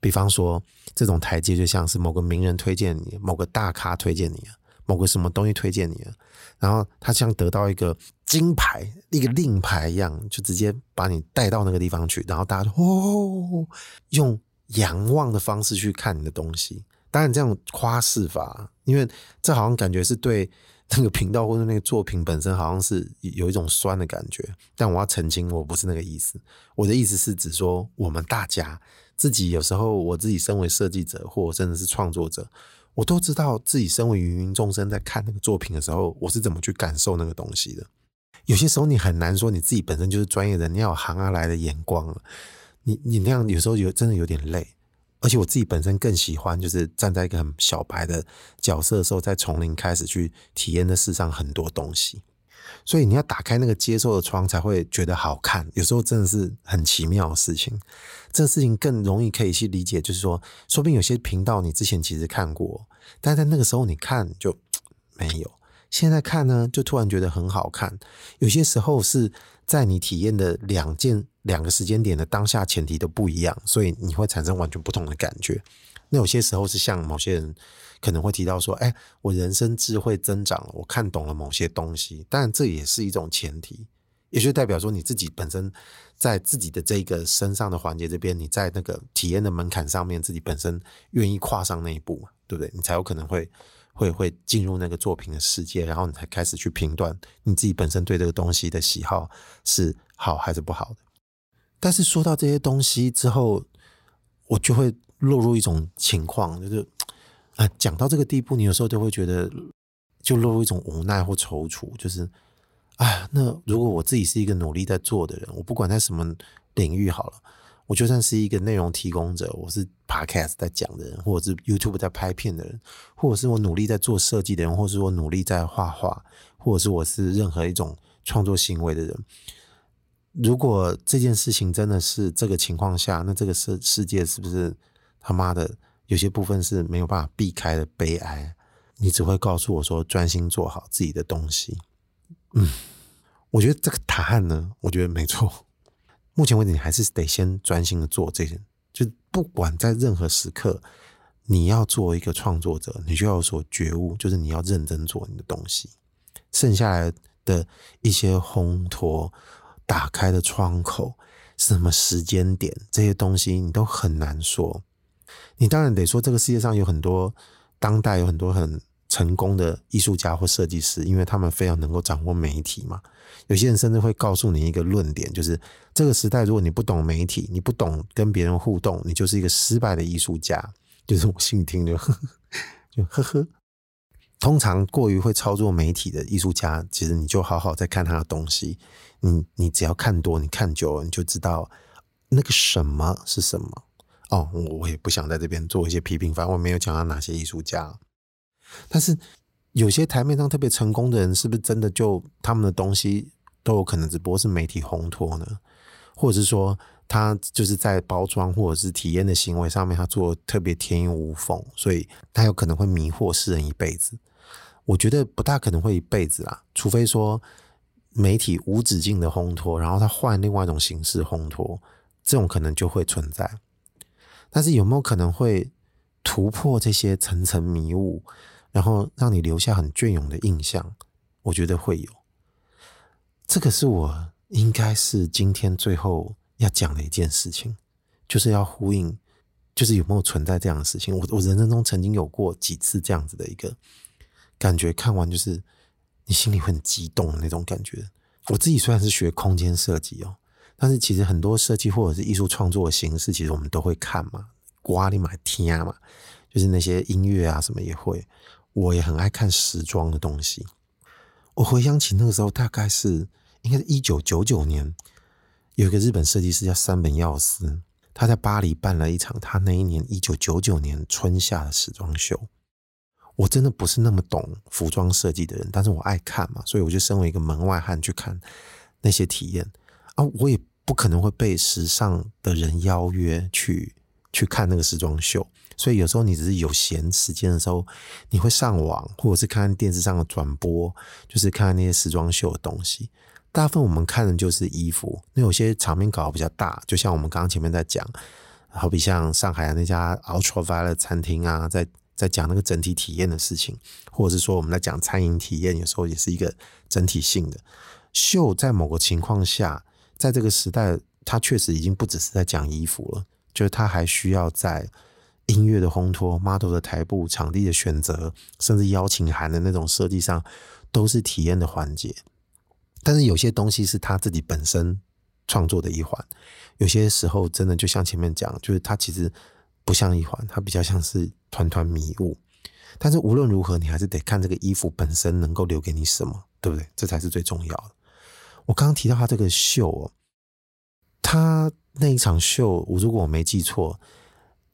比方說這種台階就像是某個名人推薦你，某個大咖推薦你。某個什麼東西推薦你了，然後他像得到一個金牌，一個令牌一樣，就直接把你帶到那個地方去。然後大家哦，哦，哦，哦，用仰望的方式去看你的東西。當然，這樣誇飾法，因為這好像感覺是對那個頻道或者那個作品本身，好像是有一種酸的感覺。但我要澄清，我不是那個意思。我的意思是，指說我們大家自己有時候，我自己身為設計者或者甚至是創作者。我都知道自己身為芸芸眾生，在看那個作品的時候，我是怎麼去感受那個東西的。有些時候你很難說你自己本身就是專業人，你要有行而、啊、來的眼光，你你那樣有時候有真的有點累。而且我自己本身更喜歡就是站在一個很小白的角色的時候，在從零開始去體驗那世上很多東西。所以你要打開那個接受的窗，才會覺得好看。有時候真的是很奇妙的事情。這個事情更容易可以去理解，就是說，說不定有些頻道你之前其實看過，但在那個時候你看就沒有，現在看呢，就突然覺得很好看。有些時候是在你體驗的兩件、兩個時間點的當下前提都不一樣，所以你會產生完全不同的感覺。那有些時候是像某些人。可能會提到說：“哎，我人生智慧增長了，我看懂了某些東西。”但這也是一種前提，也就代表說你自己本身在自己的這個身上的環節這邊，你在那個體驗的門檻上面，自己本身願意跨上那一步嘛，對不對？你才有可能會會會進入那個作品的世界，然後你才開始去評斷你自己本身對這個東西的喜好是好還是不好的。但是說到這些東西之後，我就會落入一種情況，就是。啊，講、呃、到這個地步，你有時候都會覺得就落入一種無奈或躊躇，就是啊，那如果我自己是一個努力在做的人，我不管在什麼領域好了，我就算是一個內容提供者，我是 podcast 在講的人，或者是 YouTube 在拍片的人，或者是我努力在做設計的人，或者是我努力在畫畫，或者是我是任何一種創作行為的人，如果這件事情真的是這個情況下，那這個世世界是不是他媽的？有些部分是沒有辦法避開的悲哀，你只會告訴我說：“專心做好自己的東西。”嗯，我覺得這個答案呢，我覺得沒錯。目前為止，你還是得先專心的做這些。就不管在任何時刻，你要做一個創作者，你就要有所覺悟，就是你要認真做你的東西。剩下來的一些烘托、打開的窗口、是什麼時間點，這些東西，你都很難說。你當然得說，這個世界上有很多當代有很多很成功的藝術家或設計師，因為他們非常能夠掌握媒體嘛。有些人甚至會告訴你一個論點，就是這個時代，如果你不懂媒體，你不懂跟別人互動，你就是一個失敗的藝術家。就是我心裡聽就呵呵。就呵呵。通常過於會操作媒體的藝術家，其實你就好好在看他的東西。你你只要看多，你看久了，你就知道那個什麼是什麼。哦，我也不想在這邊做一些批評法，反正我沒有講到哪些藝術家。但是有些台面上特別成功的人，是不是真的就他們的東西都有可能只不過是媒體烘托呢？或者是說他就是在包裝或者是體驗的行為上面，他做得特別天衣無縫，所以他有可能會迷惑世人一輩子。我覺得不大可能會一輩子啦，除非說媒體無止境的烘托，然後他換另外一種形式烘托，這種可能就會存在。但是有沒有可能會突破這些層層迷霧，然後讓你留下很雋永的印象？我覺得會有。這個是我應該是今天最後要講的一件事情，就是要呼應，就是有沒有存在這樣的事情？我我人生中曾經有過幾次這樣子的一個感覺，看完就是你心裡會很激動的那種感覺。我自己雖然是學空間設計哦。但是其實很多設計或者是藝術創作的形式，其實我們都會看嘛，瓜里買天嘛，就是那些音樂啊什麼也會。我也很愛看時裝的東西。我回想起那個時候，大概是，應該是一九九九年，有一個日本設計師叫山本耀司，他在巴黎辦了一場他那一年一九九九年春夏的時裝秀。我真的不是那麼懂服裝設計的人，但是我愛看嘛，所以我就身為一個門外漢去看那些體驗。啊，我也不可能會被時尚的人邀約去去看那個時裝秀，所以有時候你只是有閒時間的時候，你會上網或者是看電視上的轉播，就是看那些時裝秀的東西。大部分我們看的就是衣服，那有些場面搞得比較大，就像我們剛剛前面在講，好比像上海那家 Ultraviolet 餐廳啊，在在講那個整體體驗的事情，或者是說我們在講餐飲體驗，有時候也是一個整體性的秀，在某個情況下。在這個時代，他確實已經不只是在講衣服了，就是他還需要在音樂的烘托、model 的台步、場地的選擇，甚至邀請函的那種設計上，都是體驗的環節。但是有些東西是他自己本身創作的一環，有些時候真的就像前面講，就是他其實不像一環，他比較像是團團迷霧。但是無論如何，你還是得看這個衣服本身能夠留給你什麼，對不對？這才是最重要的。我剛剛提到他這個秀哦，他那一場秀，如果我沒記錯，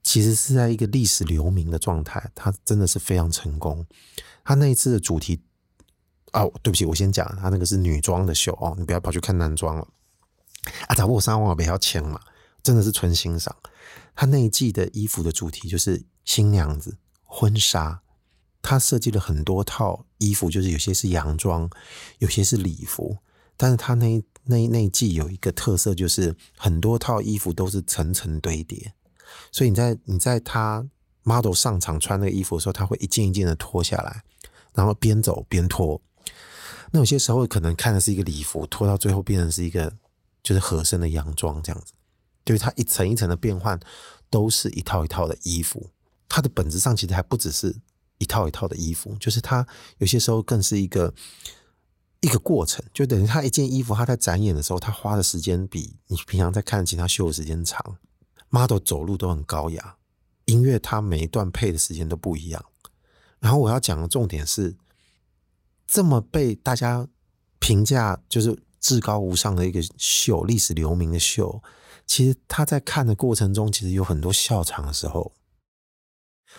其實是在一個歷史留名的狀態。他真的是非常成功。他那一次的主題啊，哦，對不起，我先講，他那個是女裝的秀哦，你不要跑去看男裝了。啊，打不過三上網友比較嘛，真的是純欣賞。他那一季的衣服的主題就是新娘子婚紗，他設計了很多套衣服，就是有些是洋裝，有些是禮服。但是他那那一那一季有一個特色，就是很多套衣服都是層層堆疊，所以你在你在他 model 上場穿那個衣服的時候，他會一件一件的脫下來，然後邊走邊脫。那有些時候可能看的是一個禮服，脫到最後變成是一個就是合身的洋裝這樣子，就是他一層一層的變換，都是一套一套的衣服。他的本質上其實還不只是一套一套的衣服，就是他有些時候更是一個。一個過程，就等於他一件衣服，他在展演的時候，他花的時間比你平常在看其他秀的時間長。Model 走路都很高雅，音樂他每一段配的時間都不一樣。然後我要講的重點是，這麼被大家評價就是至高無上的一個秀，歷史留名的秀。其實他在看的過程中，其實有很多笑場的時候。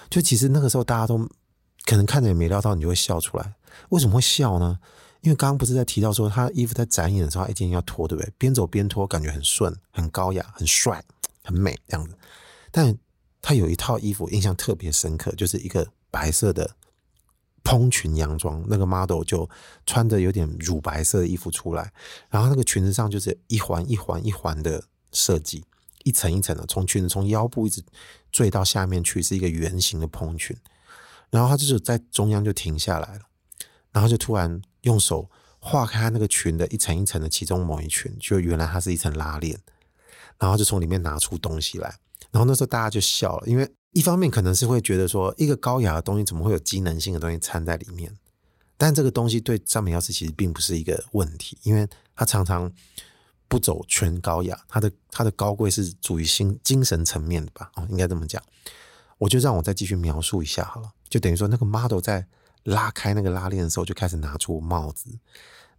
就其實那個時候，大家都可能看着也沒料到，你就會笑出來。為什麼會笑呢？因為剛剛不是在提到說他衣服在展演的時候，哎，一定要脫，對不對？邊走邊脫，感覺很順、很高雅、很帥、很美這樣子。但他有一套衣服印象特別深刻，就是一個白色的蓬裙洋裝，那個 model 就穿着有點乳白色的衣服出來，然後那個裙子上就是一環一環一環的設計，一層一層的，從裙子從腰部一直墜到下面去是一個圓形的蓬裙，然後他就是在中央就停下來了，然後就突然。用手劃開那個裙，的一層一層的，其中某一層就原來它是一層拉鏈，然後就從裡面拿出東西來，然後那時候大家就笑了，因為一方面可能是會覺得說，一個高雅的東西怎麼會有機能性的東西摻在裡面？但這個東西對山本耀司其實並不是一個問題，因為他常常不走全高雅，他的他的高貴是屬於心精神層面的吧？哦，應該這麼講。我就讓我再繼續描述一下好了，就等於說那個 model 在。拉開那個拉鏈的時候，就開始拿出帽子，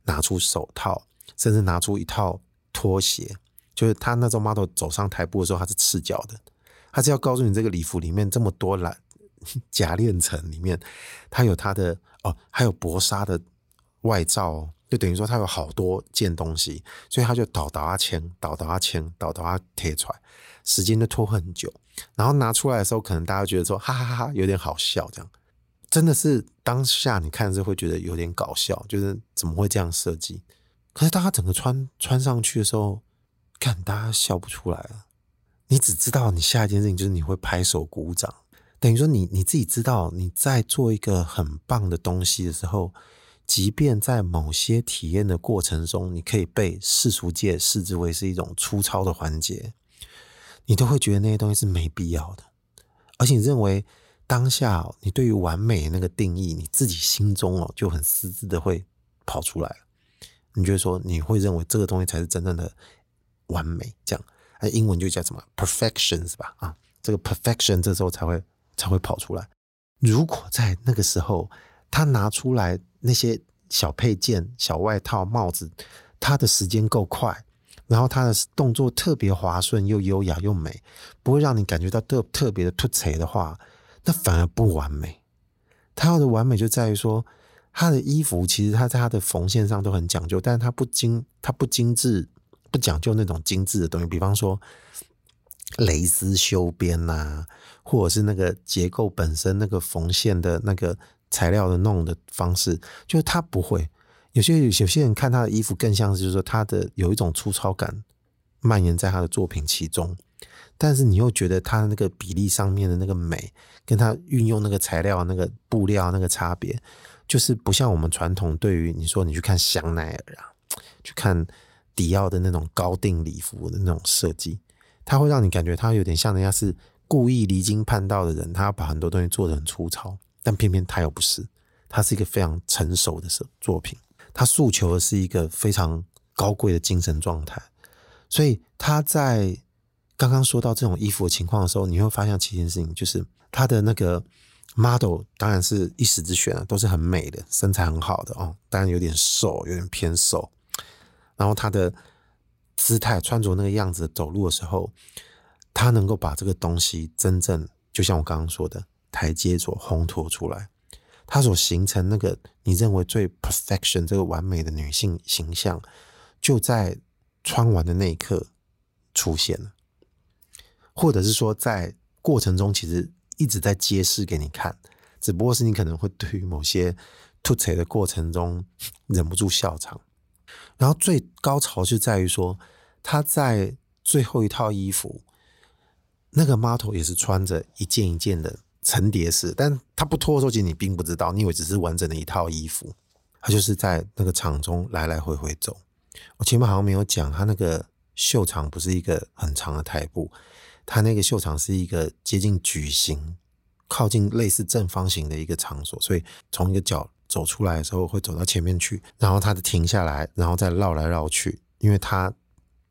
拿出手套，甚至拿出一套拖鞋。就是他那種馬 model 走上台步的時候，他是赤腳的。他是要告訴你，這個禮服裡面這麼多藍，夾鍊層裡面，他有他的哦，還有薄紗的外罩，就等於說他有好多件東西，所以他就倒倒阿簽，倒倒阿簽，倒倒阿貼出來，時間就拖很久。然後拿出來的時候，可能大家覺得說，哈哈哈哈，有點好笑這樣。真的是當下你看是會覺得有點搞笑，就是怎麼會這樣設計？可是大家整個穿穿上去的時候，看大家笑不出來了。你只知道你下一件事情就是你會拍手鼓掌，等於說你你自己知道你在做一個很棒的東西的時候，即便在某些體驗的過程中，你可以被世俗界視之為是一種粗糙的環節，你都會覺得那些東西是沒必要的，而且你認為。當下，你對於完美的那個定義，你自己心中哦就很私自的會跑出來。你覺得說你會認為這個東西才是真正的完美，這樣，英文就叫什麼 perfection 是吧？啊，這個 perfection 這時候才會才會跑出來。如果在那個時候他拿出來那些小配件、小外套、帽子，他的時間夠快，然後他的動作特別滑順、又優雅又美，不會讓你感覺到特特別的突兀的話。那反而不完美，他的完美就在於說，他的衣服其實他在他的縫線上都很講究，但是他不精，他不精致，不講究那種精致的東西，比方說蕾絲修邊吶、啊，或者是那個結構本身那個縫線的那個材料的弄的方式，就是他不會。有些有些人看他的衣服，更像是就是說他的有一種粗糙感蔓延在他的作品其中。但是你又覺得他那個比例上面的那個美，跟他運用那個材料、那個布料、那個差別，就是不像我們傳統對於你說你去看香奈兒啊，去看迪奧的那種高定禮服的那種設計，它會讓你感覺它有點像人家是故意離經叛道的人，他把很多東西做得很粗糙，但偏偏他又不是，他是一個非常成熟的作品，他訴求的是一個非常高貴的精神狀態，所以他在。剛剛說到這種衣服的情況的時候，你會發現其實一件事情，就是他的那個 model 當然是一時之選啊，都是很美的，身材很好的哦，當然有點瘦，有點偏瘦。然後他的姿態穿着那個樣子走路的時候，他能夠把這個東西真正，就像我剛剛說的，台階所烘托出來，他所形成那個你認為最 perfection 這個完美的女性形象，就在穿完的那一刻出現了。或者是說，在過程中其實一直在揭示給你看，只不過是你可能會對於某些吐槽的過程中忍不住笑場，然後最高潮就是在於說他在最後一套衣服，那個 m 頭也是穿着一件一件的層疊式，但他不脫的時候，其實你並不知道，你以為只是完整的一套衣服，他就是在那個場中來來回回走。我前面好像沒有講，他那個秀場不是一個很長的台步。他那個秀場是一個接近矩形，靠近類似正方形的一個場所，所以從一個角走出來的時候會走到前面去，然後他停下來，然後再繞來繞去，因為他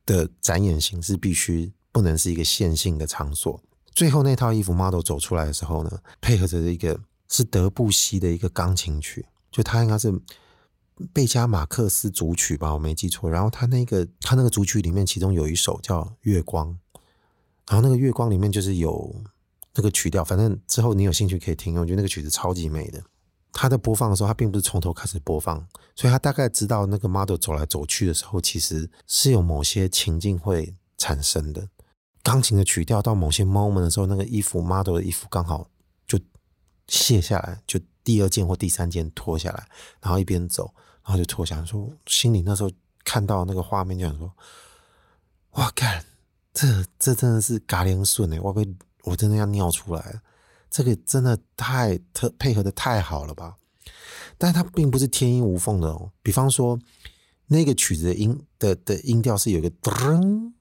的展演形式必須不能是一個線性的場所。最後那套衣服 model 走出來的時候呢，配合着一個是德布西的一個鋼琴曲，就他應該是貝加馬斯克組曲吧，我沒記錯。然後他那個他那個組曲裡面，其中有一首叫《月光》。然後那個月光裡面就是有那個曲調，反正之後你有興趣可以聽，我覺得那個曲子超級美的。它在播放的時候，它並不是從頭開始播放，所以他大概知道那個 model 走來走去的時候，其實是有某些情境會產生的。鋼琴的曲調到某些 moment 的時候，那個衣服 model 的衣服剛好就卸下來，就第二件或第三件脫下來，然後一邊走，然後就脫下來。說心裡那時候看到那個畫面，就想說：哇，幹。這這真的是嘎連順哎！我被我真的要尿出來了，這個真的太特配合的太好了吧？但它並不是天衣無縫的哦。比方說，那個曲子的音的的音調是有個噔噔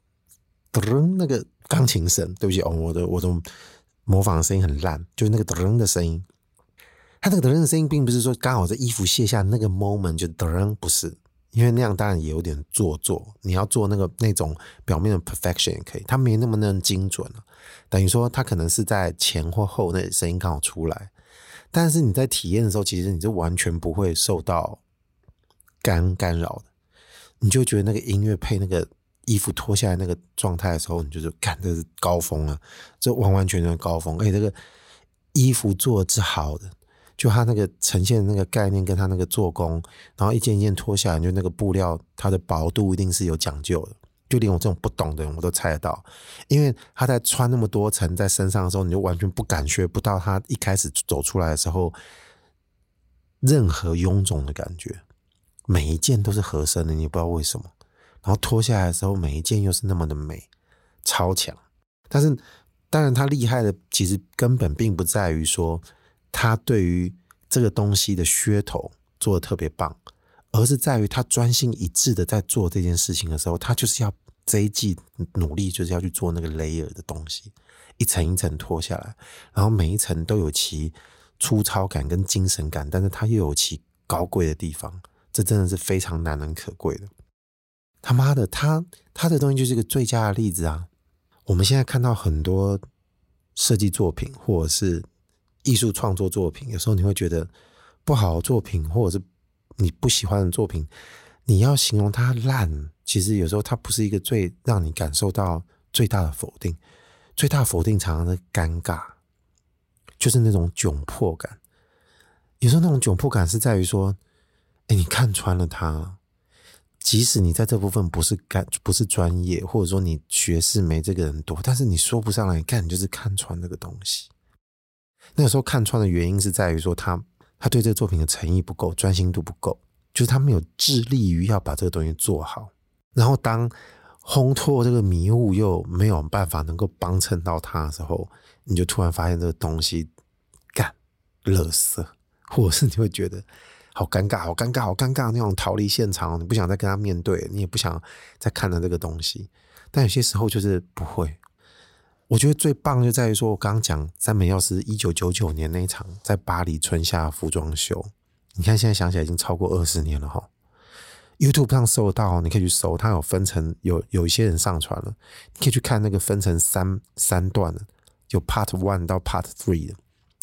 噔噔，那個鋼琴聲。對不起哦，我的我的模仿的聲音很爛，就是那個噔噔的聲音。它那個噔噔的聲音，並不是說剛好這衣服卸下那個 moment 就噔噔，不是。因為那樣當然也有點做作，你要做那個那種表面的 perfection 也可以，它沒那麼那麼精準啊，等於說，它可能是在前或後那裡聲音剛好出來，但是你在體驗的時候，其實你是完全不會受到干干擾的。你就覺得那個音樂配那個衣服脫下來那個狀態的時候，你就是，看這是高峰了啊，這完完全全的高峰。而且、欸、這、那個衣服做得是好的。就他那個呈現的那個概念，跟他那個做工，然後一件一件脫下來，就那個布料它的薄度一定是有講究的。就連我這種不懂的人，我都猜得到。因為他在穿那麼多層在身上的時候，你就完全不感覺不到他一開始走出來的時候任何臃腫的感覺。每一件都是合身的，你不知道為什麼。然後脫下來的時候，每一件又是那麼的美，超強。但是，當然，他厲害的其實根本並不在於說。他對於這個東西的噱頭做得特別棒，而是在於他專心一致的在做這件事情的時候，他就是要這一季努力就是要去做那個 layer 的東西，一層一層脫下來，然後每一層都有其粗糙感跟精神感，但是他又有其高貴的地方，這真的是非常難能可貴的。他媽的，他他的東西就是一個最佳的例子啊！我們現在看到很多設計作品或者是。藝術創作作品，有時候你會覺得不好的作品，或者是你不喜歡的作品，你要形容它爛，其實有時候它不是一個最讓你感受到最大的否定，最大的否定常常是尷尬，就是那種窘迫感。有時候那種窘迫感是在於說，哎、欸，你看穿了它，即使你在這部分不是幹不是專業，或者說你學識沒這個人多，但是你說不上來，幹，看你就是看穿那個東西。那個時候看穿的原因是在於說他他對這個作品的誠意不夠，專心度不夠，就是他沒有致力於要把這個東西做好。然後當烘托這個迷霧又沒有辦法能夠幫襯到他的時候，你就突然發現這個東西，幹，垃圾，或者是你會覺得好尷尬，好尷尬，好尷尬，好尷尬的那種逃離現場，你不想再跟他面對，你也不想再看到這個東西。但有些時候就是不會。我覺得最棒就在於說，我剛剛講山本耀司一九九九年那一場在巴黎春夏服裝秀，你看現在想起來已經超過二十年了哈、哦。YouTube 上搜得到，你可以去搜，它，有分成有有一些人上傳了，你可以去看那個分成三三段的，有 Part One 到 Part Three 的。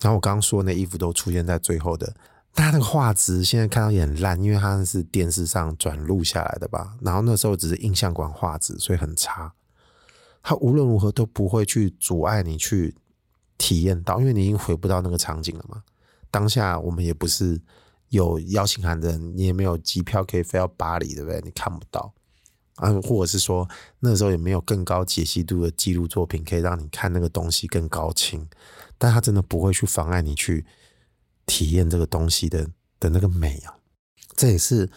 然後我剛剛說那衣服都出現在最後的，但那個畫質現在看到也很爛，因為它是電視上轉錄下來的吧。然後那時候只是映像管畫質，所以很差。它無論如何都不會去阻礙你去體驗到，因為你已經回不到那個場景了嘛。當下我們也不是有邀請函的人，你也沒有機票可以飛到巴黎，對不對？你看不到啊，或者是說那時候也沒有更高解析度的記錄作品可以讓你看那個東西更高清。但它真的不會去妨礙你去體驗這個東西的的那個美啊。這也是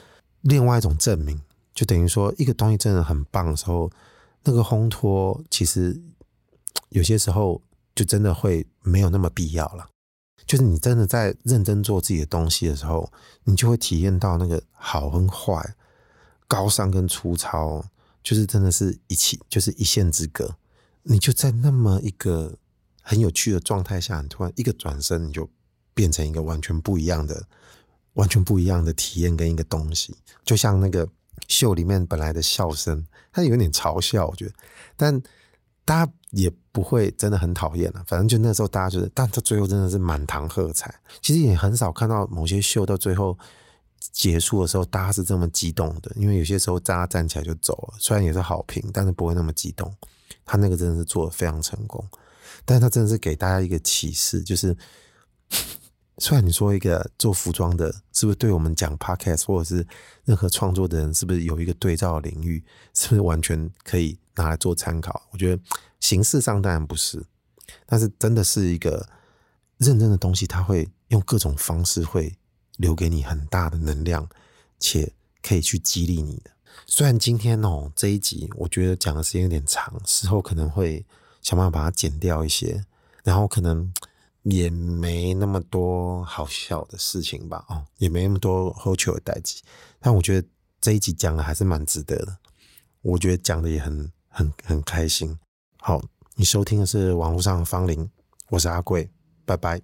另外一種證明，就等於說一個東西真的很棒的時候。那個烘托其實有些時候就真的會沒有那麼必要了。就是你真的在認真做自己的東西的時候，你就會體驗到那個好跟壞、高尚跟粗糙，就是真的是一起，就是一線之隔。你就在那麼一個很有趣的狀態下，你突然一個轉身，你就變成一個完全不一樣的、完全不一樣的體驗跟一個東西。就像那個秀裡面本來的笑聲。他有點嘲笑，我覺得，但大家也不會真的很討厭了、啊。反正就那時候，大家覺得，但他最後真的是滿堂喝彩。其實也很少看到某些秀到最後結束的時候，大家是這麼激動的。因為有些時候，大家站起來就走了，雖然也是好評，但是不會那麼激動。他那個真的是做得非常成功，但是他真的是給大家一個啟示，就是。雖然你說一個做服裝的，是不是對我們講 podcast 或者是任何創作的人，是不是有一個對照領域？是不是完全可以拿來做參考？我覺得形式上當然不是，但是真的是一個認真的東西，它會用各種方式會留給你很大的能量，且可以去激勵你的。雖然今天哦，這一集，我覺得講的時間有點長，事後可能會想辦法把它剪掉一些，然後可能。也沒那麼多好笑的事情吧，哦，也沒那麼多後趣的代誌。但我覺得這一集講的還是蠻值得的，我覺得講的也很很很開心。好，你收聽的是網絡上的芳鄰，我是阿貴，拜拜。